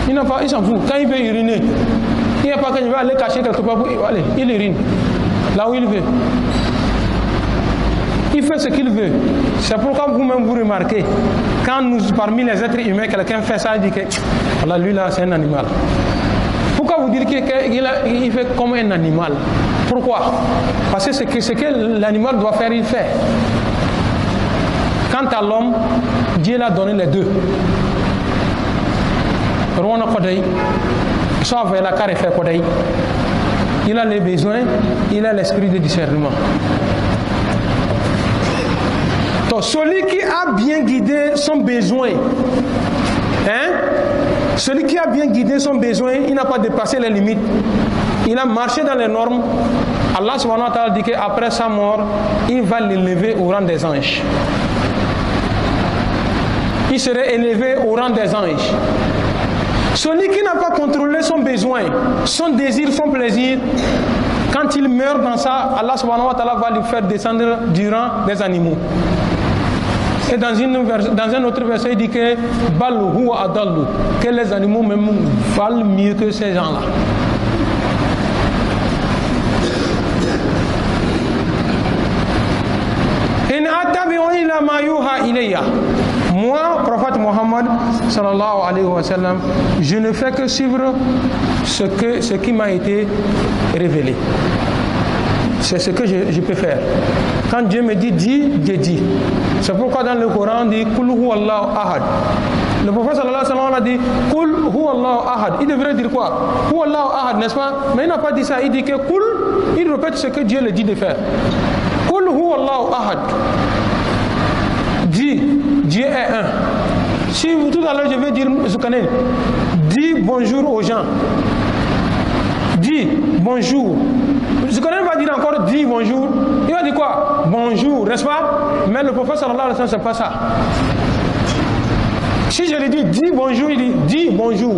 Il n'a pas, il s'en fout. Quand il veut uriner, il n'y a pas que je vais aller cacher quelque part. Allez, il urine. Là où il veut. Il fait ce qu'il veut. C'est pourquoi vous-même vous remarquez, quand nous, parmi les êtres humains, quelqu'un fait ça, il dit que lui là, c'est un animal. Pourquoi vous dire qu'il fait comme un animal Pourquoi Parce que ce que, l'animal doit faire, il fait. Quant à l'homme, Dieu l'a donné les deux. Il a les besoins, il a l'esprit de discernement. Donc celui qui a bien guidé son besoin, hein, celui qui a bien guidé son besoin, il n'a pas dépassé les limites. Il a marché dans les normes. Allah subhanahu wa ta'ala dit qu'après sa mort, il va l'élever au rang des anges. Il serait élevé au rang des anges. Celui qui n'a pas contrôlé son besoin, son désir, son plaisir, quand il meurt dans ça, Allah subhanahu wa ta'ala va lui faire descendre du rang des animaux. Et dans, une un autre verset, il dit que que les animaux même valent mieux que ces gens-là. Moi, prophète Mohammed, alayhi wa sallam, je ne fais que suivre ce, qui m'a été révélé. C'est ce que je, je peux faire. Quand Dieu me dit dis, je dis. C'est pourquoi dans le Coran, on dit Kul ahad. Le prophète sallallahu alayhi wa sallam a dit Kul Allah ahad. Il devrait dire quoi Allah ahad, n'est-ce pas Mais il n'a pas dit ça. Il dit que Kul, il répète ce que Dieu le dit de faire. Kul Allah ahad. Dis, Dieu est un. Si tout à l'heure je vais dire connais. « dis bonjour aux gens. Dis bonjour qu'on va dire encore dit bonjour. Il va dire quoi Bonjour, n'est-ce pas Mais le professeur sallallahu alayhi wa sallam, c'est pas ça. Si je lui dis dis bonjour, il dit dis bonjour.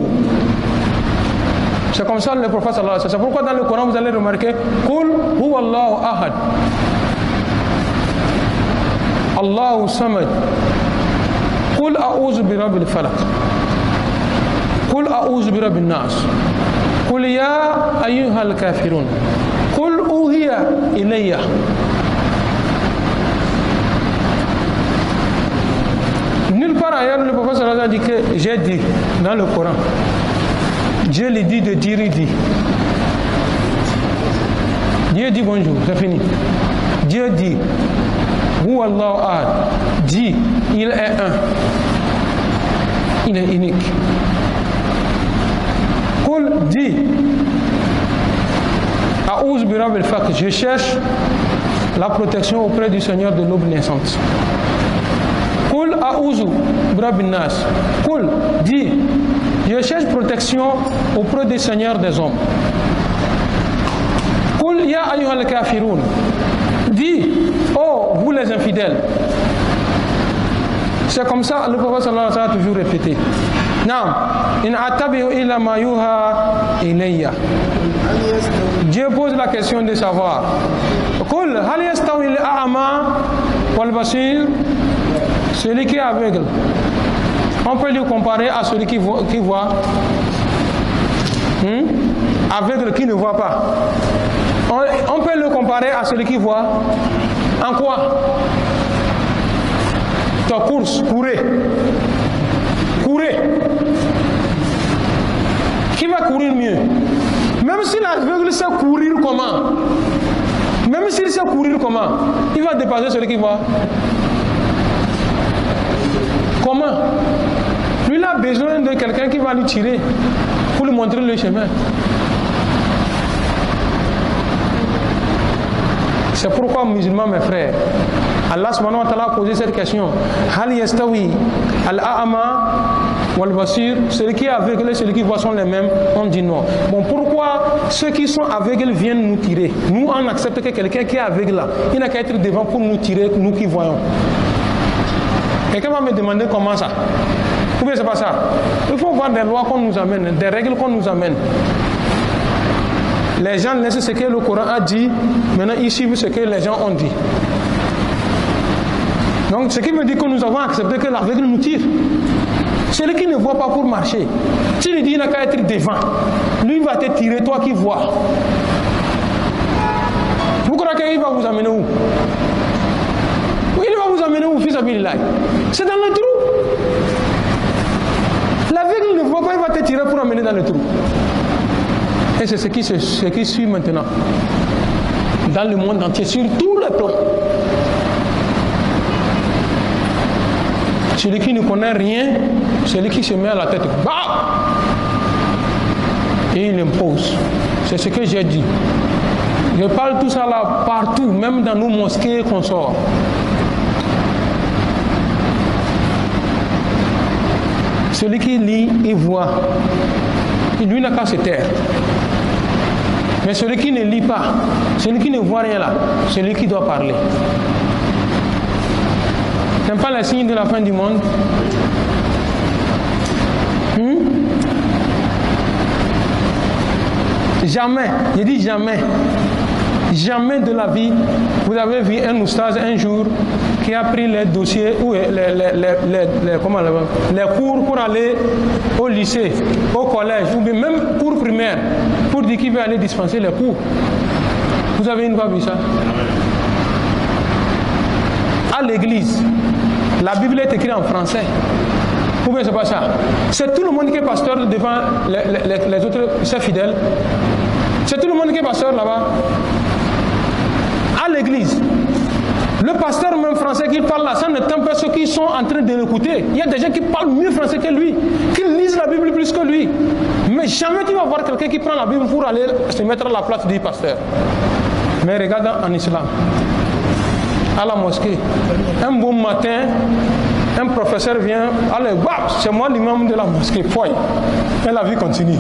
C'est comme ça le professeur sallallahu alayhi wa sallam. C'est pourquoi dans le Coran, vous allez remarquer Kul huwallahu ahad. Allahu samad. Kul a'uzu bi rabbil falaq. Kul a'uzu bi rabbil nas. قل ya ayyuhal kafirun أوحي إلي Nulle part ailleurs, le professeur a dit que j'ai dit dans le Coran. Dieu lui dit de dire, Dieu dit bonjour, c'est fini. Dieu dit, ou Allah a dit, il est un. Il est unique. Qu'on dit, je cherche la protection auprès du Seigneur de l'aube naissante. Koul aouzu nas. Koul dit, je cherche protection auprès du Seigneur des hommes. Koul ya ayyuhal kafirun. Dit, oh, vous les infidèles. C'est comme ça, le prophète sallallahu alayhi wa sallam a toujours répété. Non, Dieu pose la question de savoir. Celui qui est aveugle. On peut le comparer à celui qui voit, qui voit. Hmm? Aveugle qui ne voit pas. On, on peut le comparer à celui qui voit. En quoi Ta course, courez. Courez courir mieux. Même si l'aveugle sait courir comment, même s'il sait courir comment, il va dépasser celui qui voit. Comment Lui, il a besoin de quelqu'un qui va lui tirer pour lui montrer le chemin. C'est pourquoi, musulmans, mes frères, Allah subhanahu wa ta'ala a posé cette question. Hal yastawi al-a'ma wal-Basir, celui qui est aveugle et celui qui voit sont les mêmes, on dit non. Bon, pourquoi ceux qui sont aveugles viennent nous tirer Nous, on accepte que quelqu'un qui est aveugle là, il n'a qu'à être devant pour nous tirer, nous qui voyons. Quelqu'un va me demander comment ça Vous c'est pas ça. Il faut voir des lois qu'on nous amène, des règles qu'on nous amène. Les gens laissent ce que le Coran a dit, maintenant ils suivent ce que les gens ont dit. Donc, ce qui veut dire que nous avons accepté que l'aveugle nous tire. Celui qui ne voit pas pour marcher, tu lui dis il n'a qu'à être devant. Lui, va te tirer, toi qui vois. Vous croyez qu'il va vous amener où il va vous amener où, fils Abilillah C'est dans le trou. L'aveugle ne voit pas, il va te tirer pour amener dans le trou. Et c'est ce qui, ce qui suit maintenant. Dans le monde entier, sur tous les plans. Celui qui ne connaît rien, celui qui se met à la tête, bah Et il impose. C'est ce que j'ai dit. Je parle tout ça là partout, même dans nos mosquées qu'on sort. Celui qui lit et voit, il lui n'a qu'à se taire. Mais celui qui ne lit pas, celui qui ne voit rien là, celui qui doit parler n'est pas la signe de la fin du monde hmm? Jamais, je dis jamais, jamais de la vie, vous avez vu un oustaz un jour qui a pris les dossiers ou les, les, les, les cours pour aller au lycée, au collège, ou même cours primaire, pour dire qu'il veut aller dispenser les cours. Vous avez une fois vu ça l'église, la Bible est écrite en français. Vous bien c'est pas ça. C'est tout le monde qui est pasteur devant les, autres, ses fidèles. C'est tout le monde qui est pasteur là-bas. À l'église. Le pasteur même français qui parle là, ça ne pas ceux qui sont en train de l'écouter. Il y a des gens qui parlent mieux français que lui, qui lisent la Bible plus que lui. Mais jamais tu vas voir quelqu'un qui prend la Bible pour aller se mettre à la place du pasteur. Mais regarde en islam à la mosquée. Un bon matin, un professeur vient, allez, bah, c'est moi l'imam de la mosquée, foy Et la vie continue.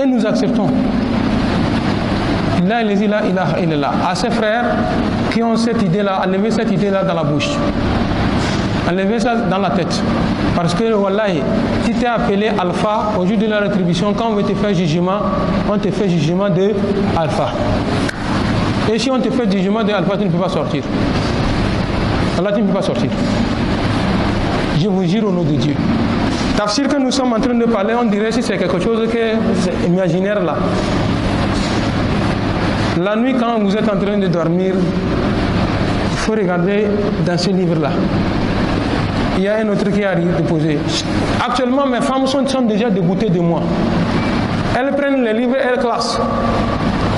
Et nous acceptons. Là, il est là, il est là. À ses frères qui ont cette idée-là, à lever cette idée-là dans la bouche. Enlevez ça dans la tête. Parce que, voilà tu t'es appelé alpha, au jour de la rétribution, quand on veut te faire jugement, on te fait jugement de alpha. Et si on te fait jugement de alpha, tu ne peux pas sortir. Allah, tu ne peux pas sortir. Je vous jure au nom de Dieu. Tafsir que nous sommes en train de parler, on dirait si c'est quelque chose que est imaginaire là. La nuit, quand vous êtes en train de dormir, il faut regarder dans ce livre-là il y a un autre qui arrive de poser Actuellement, mes femmes sont, déjà dégoûtées de moi. Elles prennent les livres, elles classent.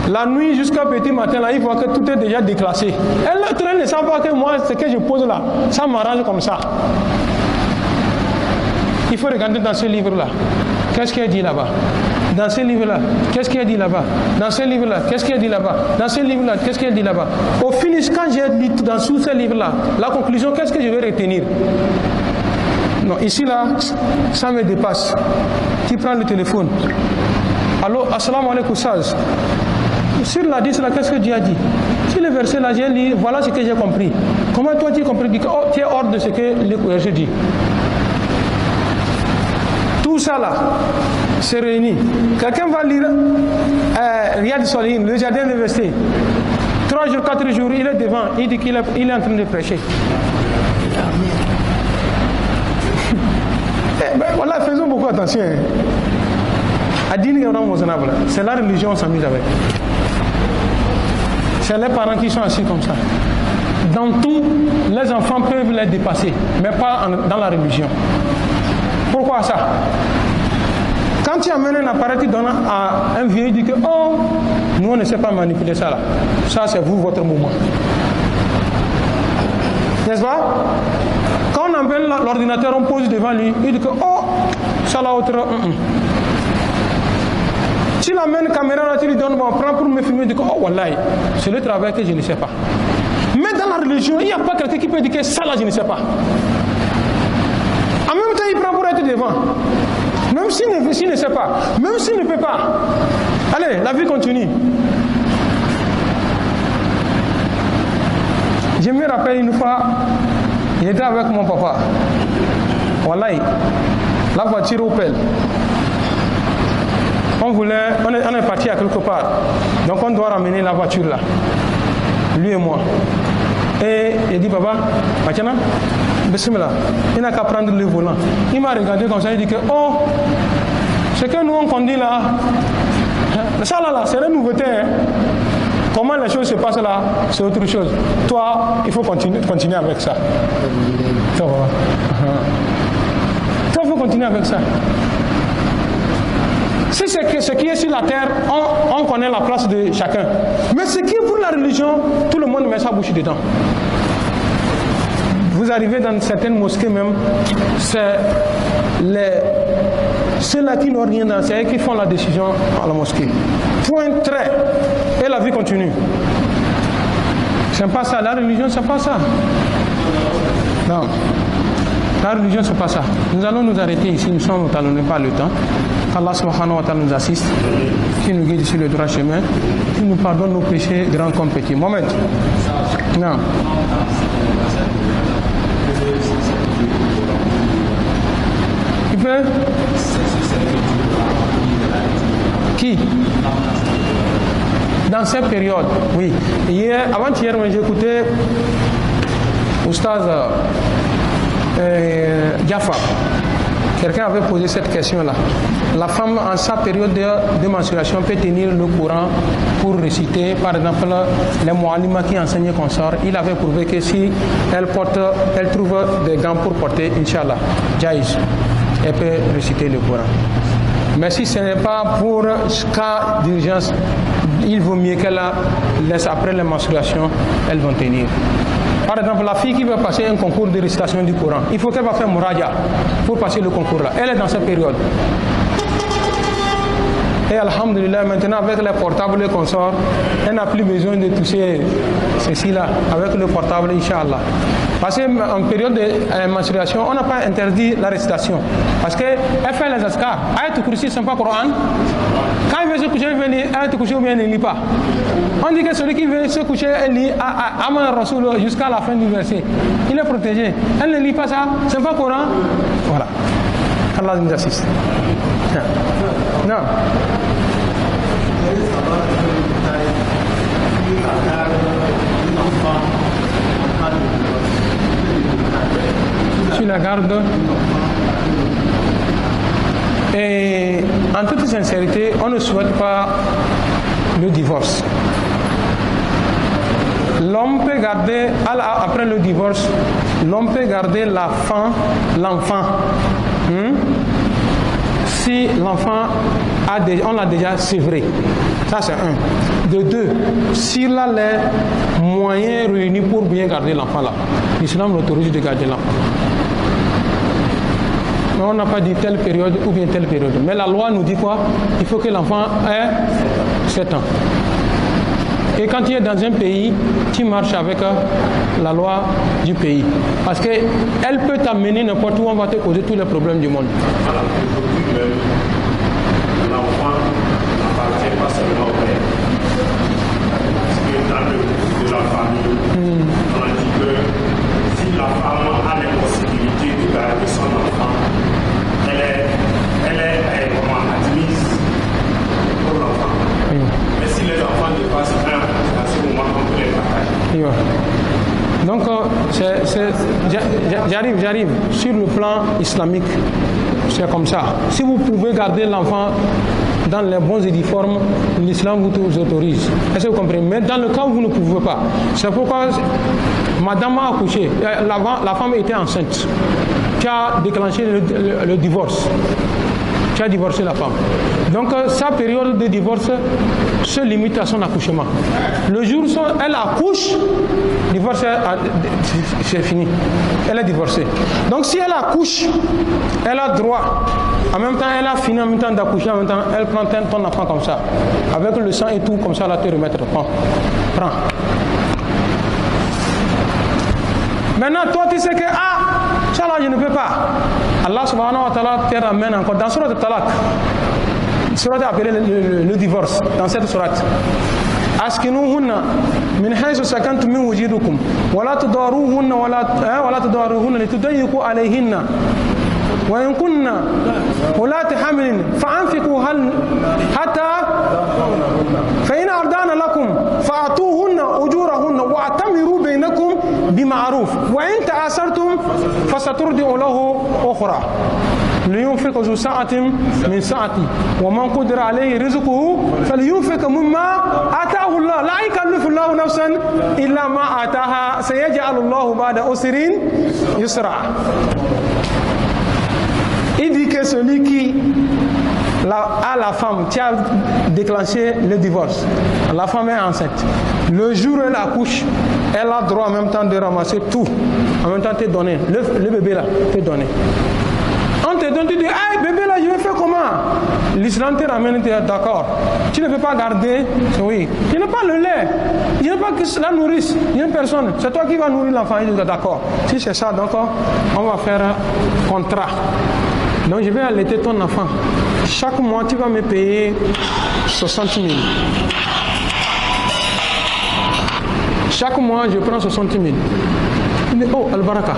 La nuit jusqu'à petit matin, là, ils voient que tout est déjà déclassé. Elles traînent savent pas que moi, ce que je pose là, ça m'arrange comme ça. Il faut regarder dans ce livre-là. Qu'est-ce qu'elle dit là-bas dans ce livre-là, qu'est-ce qu'il a dit là-bas Dans ce livre-là, qu'est-ce qu'il a dit là-bas Dans ce livre-là, qu'est-ce qu'il a dit là-bas Au finish, quand j'ai lu dans tous ce livre-là, la conclusion, qu'est-ce que je vais retenir Non, ici là, ça me dépasse. Tu prends le téléphone Alors, assalamu alaikum, sage. Sur la 10, là, qu'est-ce que Dieu a dit Sur le verset là, j'ai lu, voilà ce que j'ai compris. Comment toi tu as compris oh, tu es hors de ce que le dit ça là se réunit. Quelqu'un va lire euh, Riyad solim le jardin de Trois jours, quatre jours, il est devant, il dit qu'il est, il est en train de prêcher. Eh, ben, voilà, faisons beaucoup attention. Hein. C'est la religion, on s'amuse avec. C'est les parents qui sont assis comme ça. Dans tout, les enfants peuvent les dépasser, mais pas dans la religion. Pourquoi ça Quand tu amènes un appareil, tu donnes à un vieil, il dit que oh, nous on ne sait pas manipuler ça là. Ça c'est vous, votre mouvement. N'est-ce pas Quand on amène l'ordinateur, on pose devant lui, il dit que oh, ça là autre. Tu l'amènes caméra là, tu lui donnes, bon, prends pour me filmer, dit que oh wallah, c'est le travail que je ne sais pas. Mais dans la religion, il n'y a pas quelqu'un qui peut dire que ça là, je ne sais pas devant. Même s'il ne, ne sait pas, même s'il ne peut pas. Allez, la vie continue. Je me rappelle une fois, j'étais avec mon papa. Voilà, la voiture Opel. On voulait, on est, parti à quelque part. Donc on doit ramener la voiture là. Lui et moi. Et il dit, papa, maintenant, Bismillah, il n'a qu'à prendre le volant. Il m'a regardé comme ça, il dit que, oh, ce que nous on conduit là, hein. ça là, là c'est la nouveauté. Hein. Comment les choses se passent là, c'est autre chose. Toi, il faut continuer, avec ça. Uh-huh. Toi, il faut continuer avec ça. Si c'est que ce qui est sur la terre, on connaît la place de chacun. Mais ce qui est pour la religion, tout le monde met sa bouche dedans arriver dans certaines mosquées même, c'est ceux-là qui n'ont rien ces qui font la décision à la mosquée. Point très, Et la vie continue. C'est pas ça. La religion, c'est pas ça. Non. La religion, c'est pas ça. Nous allons nous arrêter ici. Nous sommes au talon pas le temps. Allah subhanahu wa ta'ala nous assiste, qui nous guide sur le droit chemin, qui nous pardonne nos péchés, grands comme petits. Mohamed. Non. Hein? Qui Dans cette période, oui. Hier, avant-hier, j'écoutais Oustaz euh, euh, Jaffa. Quelqu'un avait posé cette question-là. La femme, en sa période de, menstruation, peut tenir le courant pour réciter, par exemple, les Moalima qui enseignent qu'on sort. Il avait prouvé que si elle porte, elle trouve des gants pour porter, Inch'Allah, Jaïs. Elle peut réciter le Coran. Mais si ce n'est pas pour cas d'urgence, il vaut mieux qu'elle laisse après la menstruation, elles vont tenir. Par exemple, la fille qui veut passer un concours de récitation du Coran, il faut qu'elle va faire Mouraja pour passer le concours là. Elle est dans cette période. Et Alhamdulillah, maintenant avec les portables qu'on sort, on n'a plus besoin de toucher ceci-là avec le portable, Inch'Allah. Parce qu'en période de euh, menstruation, on n'a pas interdit la récitation. Parce qu'elle fait les askars. Ayat kursi, ce n'est pas Coran. Quand elle veut se coucher, elle veut lire Ayat ou bien il ne lit pas. On dit que celui qui veut se coucher, elle lit ah, ah, Aman Rasoul jusqu'à la fin du verset. Il est protégé. Elle ne lit pas ça, ce n'est pas Coran. Voilà. Allah nous assiste. Non. non. la garde. Et en toute sincérité, on ne souhaite pas le divorce. L'homme peut garder, après le divorce, l'homme peut garder la fin, l'enfant. Hmm? Si l'enfant a on l'a déjà sévré. Ça c'est un. De deux, s'il a les moyens réunis pour bien garder l'enfant là, l'islam l'autorise de garder l'enfant on n'a pas dit telle période ou bien telle période. Mais la loi nous dit quoi Il faut que l'enfant ait 7 ans. Et quand tu es dans un pays, tu marches avec euh, la loi du pays. Parce qu'elle peut t'amener n'importe où, on va te poser tous les problèmes du monde. la femme a les possibilités de son Donc, euh, j'arrive, j'arrive. Sur le plan islamique, c'est comme ça. Si vous pouvez garder l'enfant dans les bons uniformes, l'islam vous autorise. Est-ce que vous comprenez Mais dans le cas où vous ne pouvez pas, c'est pourquoi madame a accouché, euh, la, femme était enceinte, qui a déclenché le divorce. Tu as divorcé la femme. Donc euh, sa période de divorce se limite à son accouchement. Le jour où elle accouche, divorce euh, c'est fini. Elle est divorcée. Donc si elle accouche, elle a droit. En même temps, elle a fini en même temps d'accoucher, en même temps, elle prend ton enfant comme ça. Avec le sang et tout, comme ça, la te remettre. Prends. Prends. Maintenant, toi, tu sais que, ah, ça là, je ne peux pas. Allah subhanahu wa ta'ala te ramène encore dans surat Talak, surat appelée le, le, le, divorce, dans cette surat. أسكنوهن من حيث سكنتم من وجودكم ولا تضاروهن ولا ولا تضاروهن لتضيقوا عليهن وإن كن ولا تحمل فأنفقوا هل حتى فإن أردان لكم فأعطوهن بمعروف وإن تآثرتم فسترضع له أخرى لينفق ذو سعة من سعته ومن قدر عليه رزقه فلينفق مما آتاه الله لا يكلف الله نفسا إلا ما آتاها سيجعل الله بعد أسر يسرا Il dit à la femme qui a déclenché le divorce, la femme est enceinte. Le jour où elle accouche, elle a droit en même temps de ramasser tout. En même temps, es donné. Le, bébé là, tu es donné. On te donne, tu dis, ah bébé là, je vais faire comment L'Islam te ramène, tu ah, d'accord. Tu ne veux pas garder, oui. Il n'y a pas le lait, il n'y a pas que la nourrisse. il n'y a personne. C'est toi qui vas nourrir l'enfant, il dit, ah, d'accord. Si c'est ça, d'accord, on va faire un contrat. Donc je vais allaiter ton enfant. Chaque mois, tu vas me payer 60 000. Chaque mois, je prends 60 000. oh, Albaraka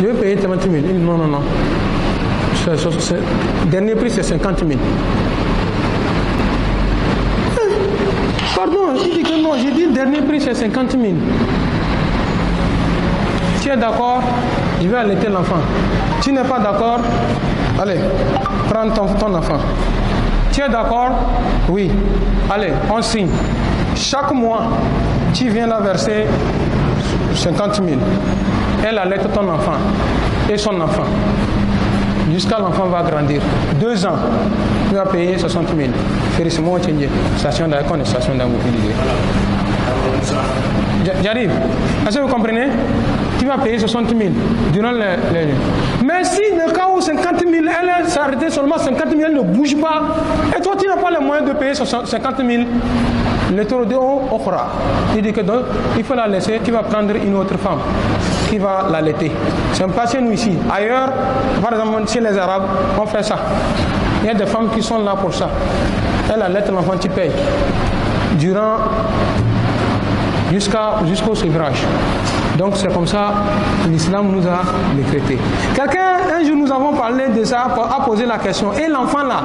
je vais payer 30 000. non, non, non. dernier prix, c'est 50 000. Eh, pardon, je dis que non, j'ai dit le dernier prix c'est 50 000. Tu es d'accord, je vais allaiter l'enfant. Tu n'es pas d'accord, allez, prends ton, ton enfant. Tu es d'accord, oui, allez, on signe. Chaque mois, tu viens là verser 50 000. Elle allait ton enfant et son enfant. Jusqu'à l'enfant va grandir. Deux ans, tu vas payer 60 000. Félicitations, station d'accord, station d'immobilier. J'arrive. Est-ce que vous comprenez Tu vas payer 60 000 durant les, Mais si le cas où 50 000, elle s'est arrêtée seulement 50 000, elle ne bouge pas, et toi tu n'as pas les moyens de payer 50 000, le au il dit que donc, il faut la laisser, tu vas prendre une autre femme qui va l'allaiter. C'est un passé, nous ici. Ailleurs, par exemple, chez les Arabes, ont fait ça. Il y a des femmes qui sont là pour ça. Elle allaite l'enfant, tu payes. Durant. jusqu'au jusqu Donc c'est comme ça que l'islam nous a décrété. Quelqu'un, un jour nous avons parlé de ça, a posé la question. Et l'enfant là,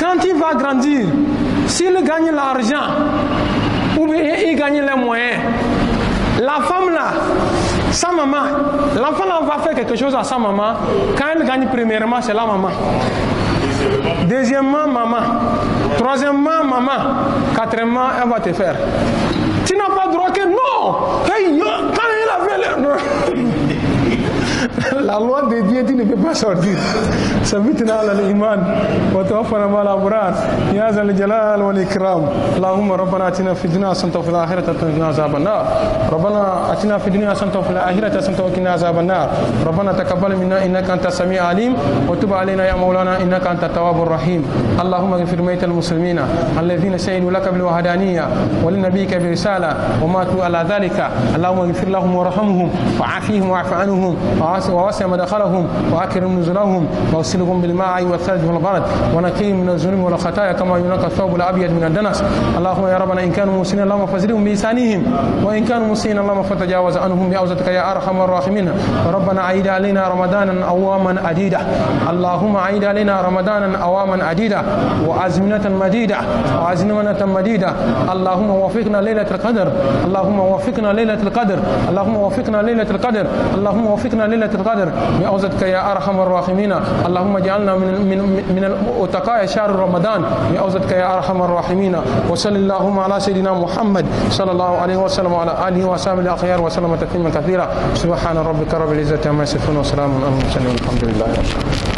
quand il va grandir, s'il gagne l'argent, il gagne les moyens, la femme là, sa maman, l'enfant là va faire quelque chose à sa maman. Quand elle gagne premièrement, c'est la maman. Deuxièmement, maman. Troisièmement, maman. Quatrièmement, elle va te faire. Tu n'as pas droit que non. Quand il a fait le... الألواح دي دي بباسور دي ثبتنا على الإيمان وتوفنا مع الأبرار يا ذا الجلال والإكرام اللهم ربنا آتنا في الدنيا حسنة وفي الآخرة وقنا عذاب النار ربنا آتنا في الدنيا حسنة وفي الآخرة حسنة وقنا عذاب النار ربنا تقبل منا إنك أنت السميع العليم وتب علينا يا مولانا إنك أنت التواب الرحيم اللهم اغفر ميت المسلمين الذين شهدوا لك بالوحدانية ولنبيك برسالة وماتوا على ذلك اللهم اغفر لهم وارحمهم وعافيهم واعف عنهم وعافهم ووسع مدخلهم وأكرم نزلهم واغسلهم بالماء والثلج والبرد ونقيهم من الذنوب والخطايا كما ينقى الثوب الأبيض من الدنس اللهم يا ربنا إن كانوا مسلمين اللهم فزدهم بلسانهم وإن كانوا مسلمين اللهم فتجاوز عنهم بأوزتك يا أرحم الراحمين ربنا عيد علينا رمضانا أواما عديدة اللهم عيد علينا رمضانا أواما عديدة وأزمنة مديدة وأزمنة مديدة اللهم وفقنا ليلة القدر اللهم وفقنا ليلة القدر اللهم وفقنا ليلة القدر اللهم وفقنا ليلة القدر القادر بعوزتك يا ارحم الراحمين اللهم اجعلنا من من من اتقاء شهر رمضان بعوزتك يا ارحم الراحمين وصل اللهم على سيدنا محمد صلى الله عليه وسلم وعلى اله وصحبه الاخيار وسلم تسليما كثيرا سبحان ربك رب العزه عما يصفون وسلام على المرسلين الحمد لله رب العالمين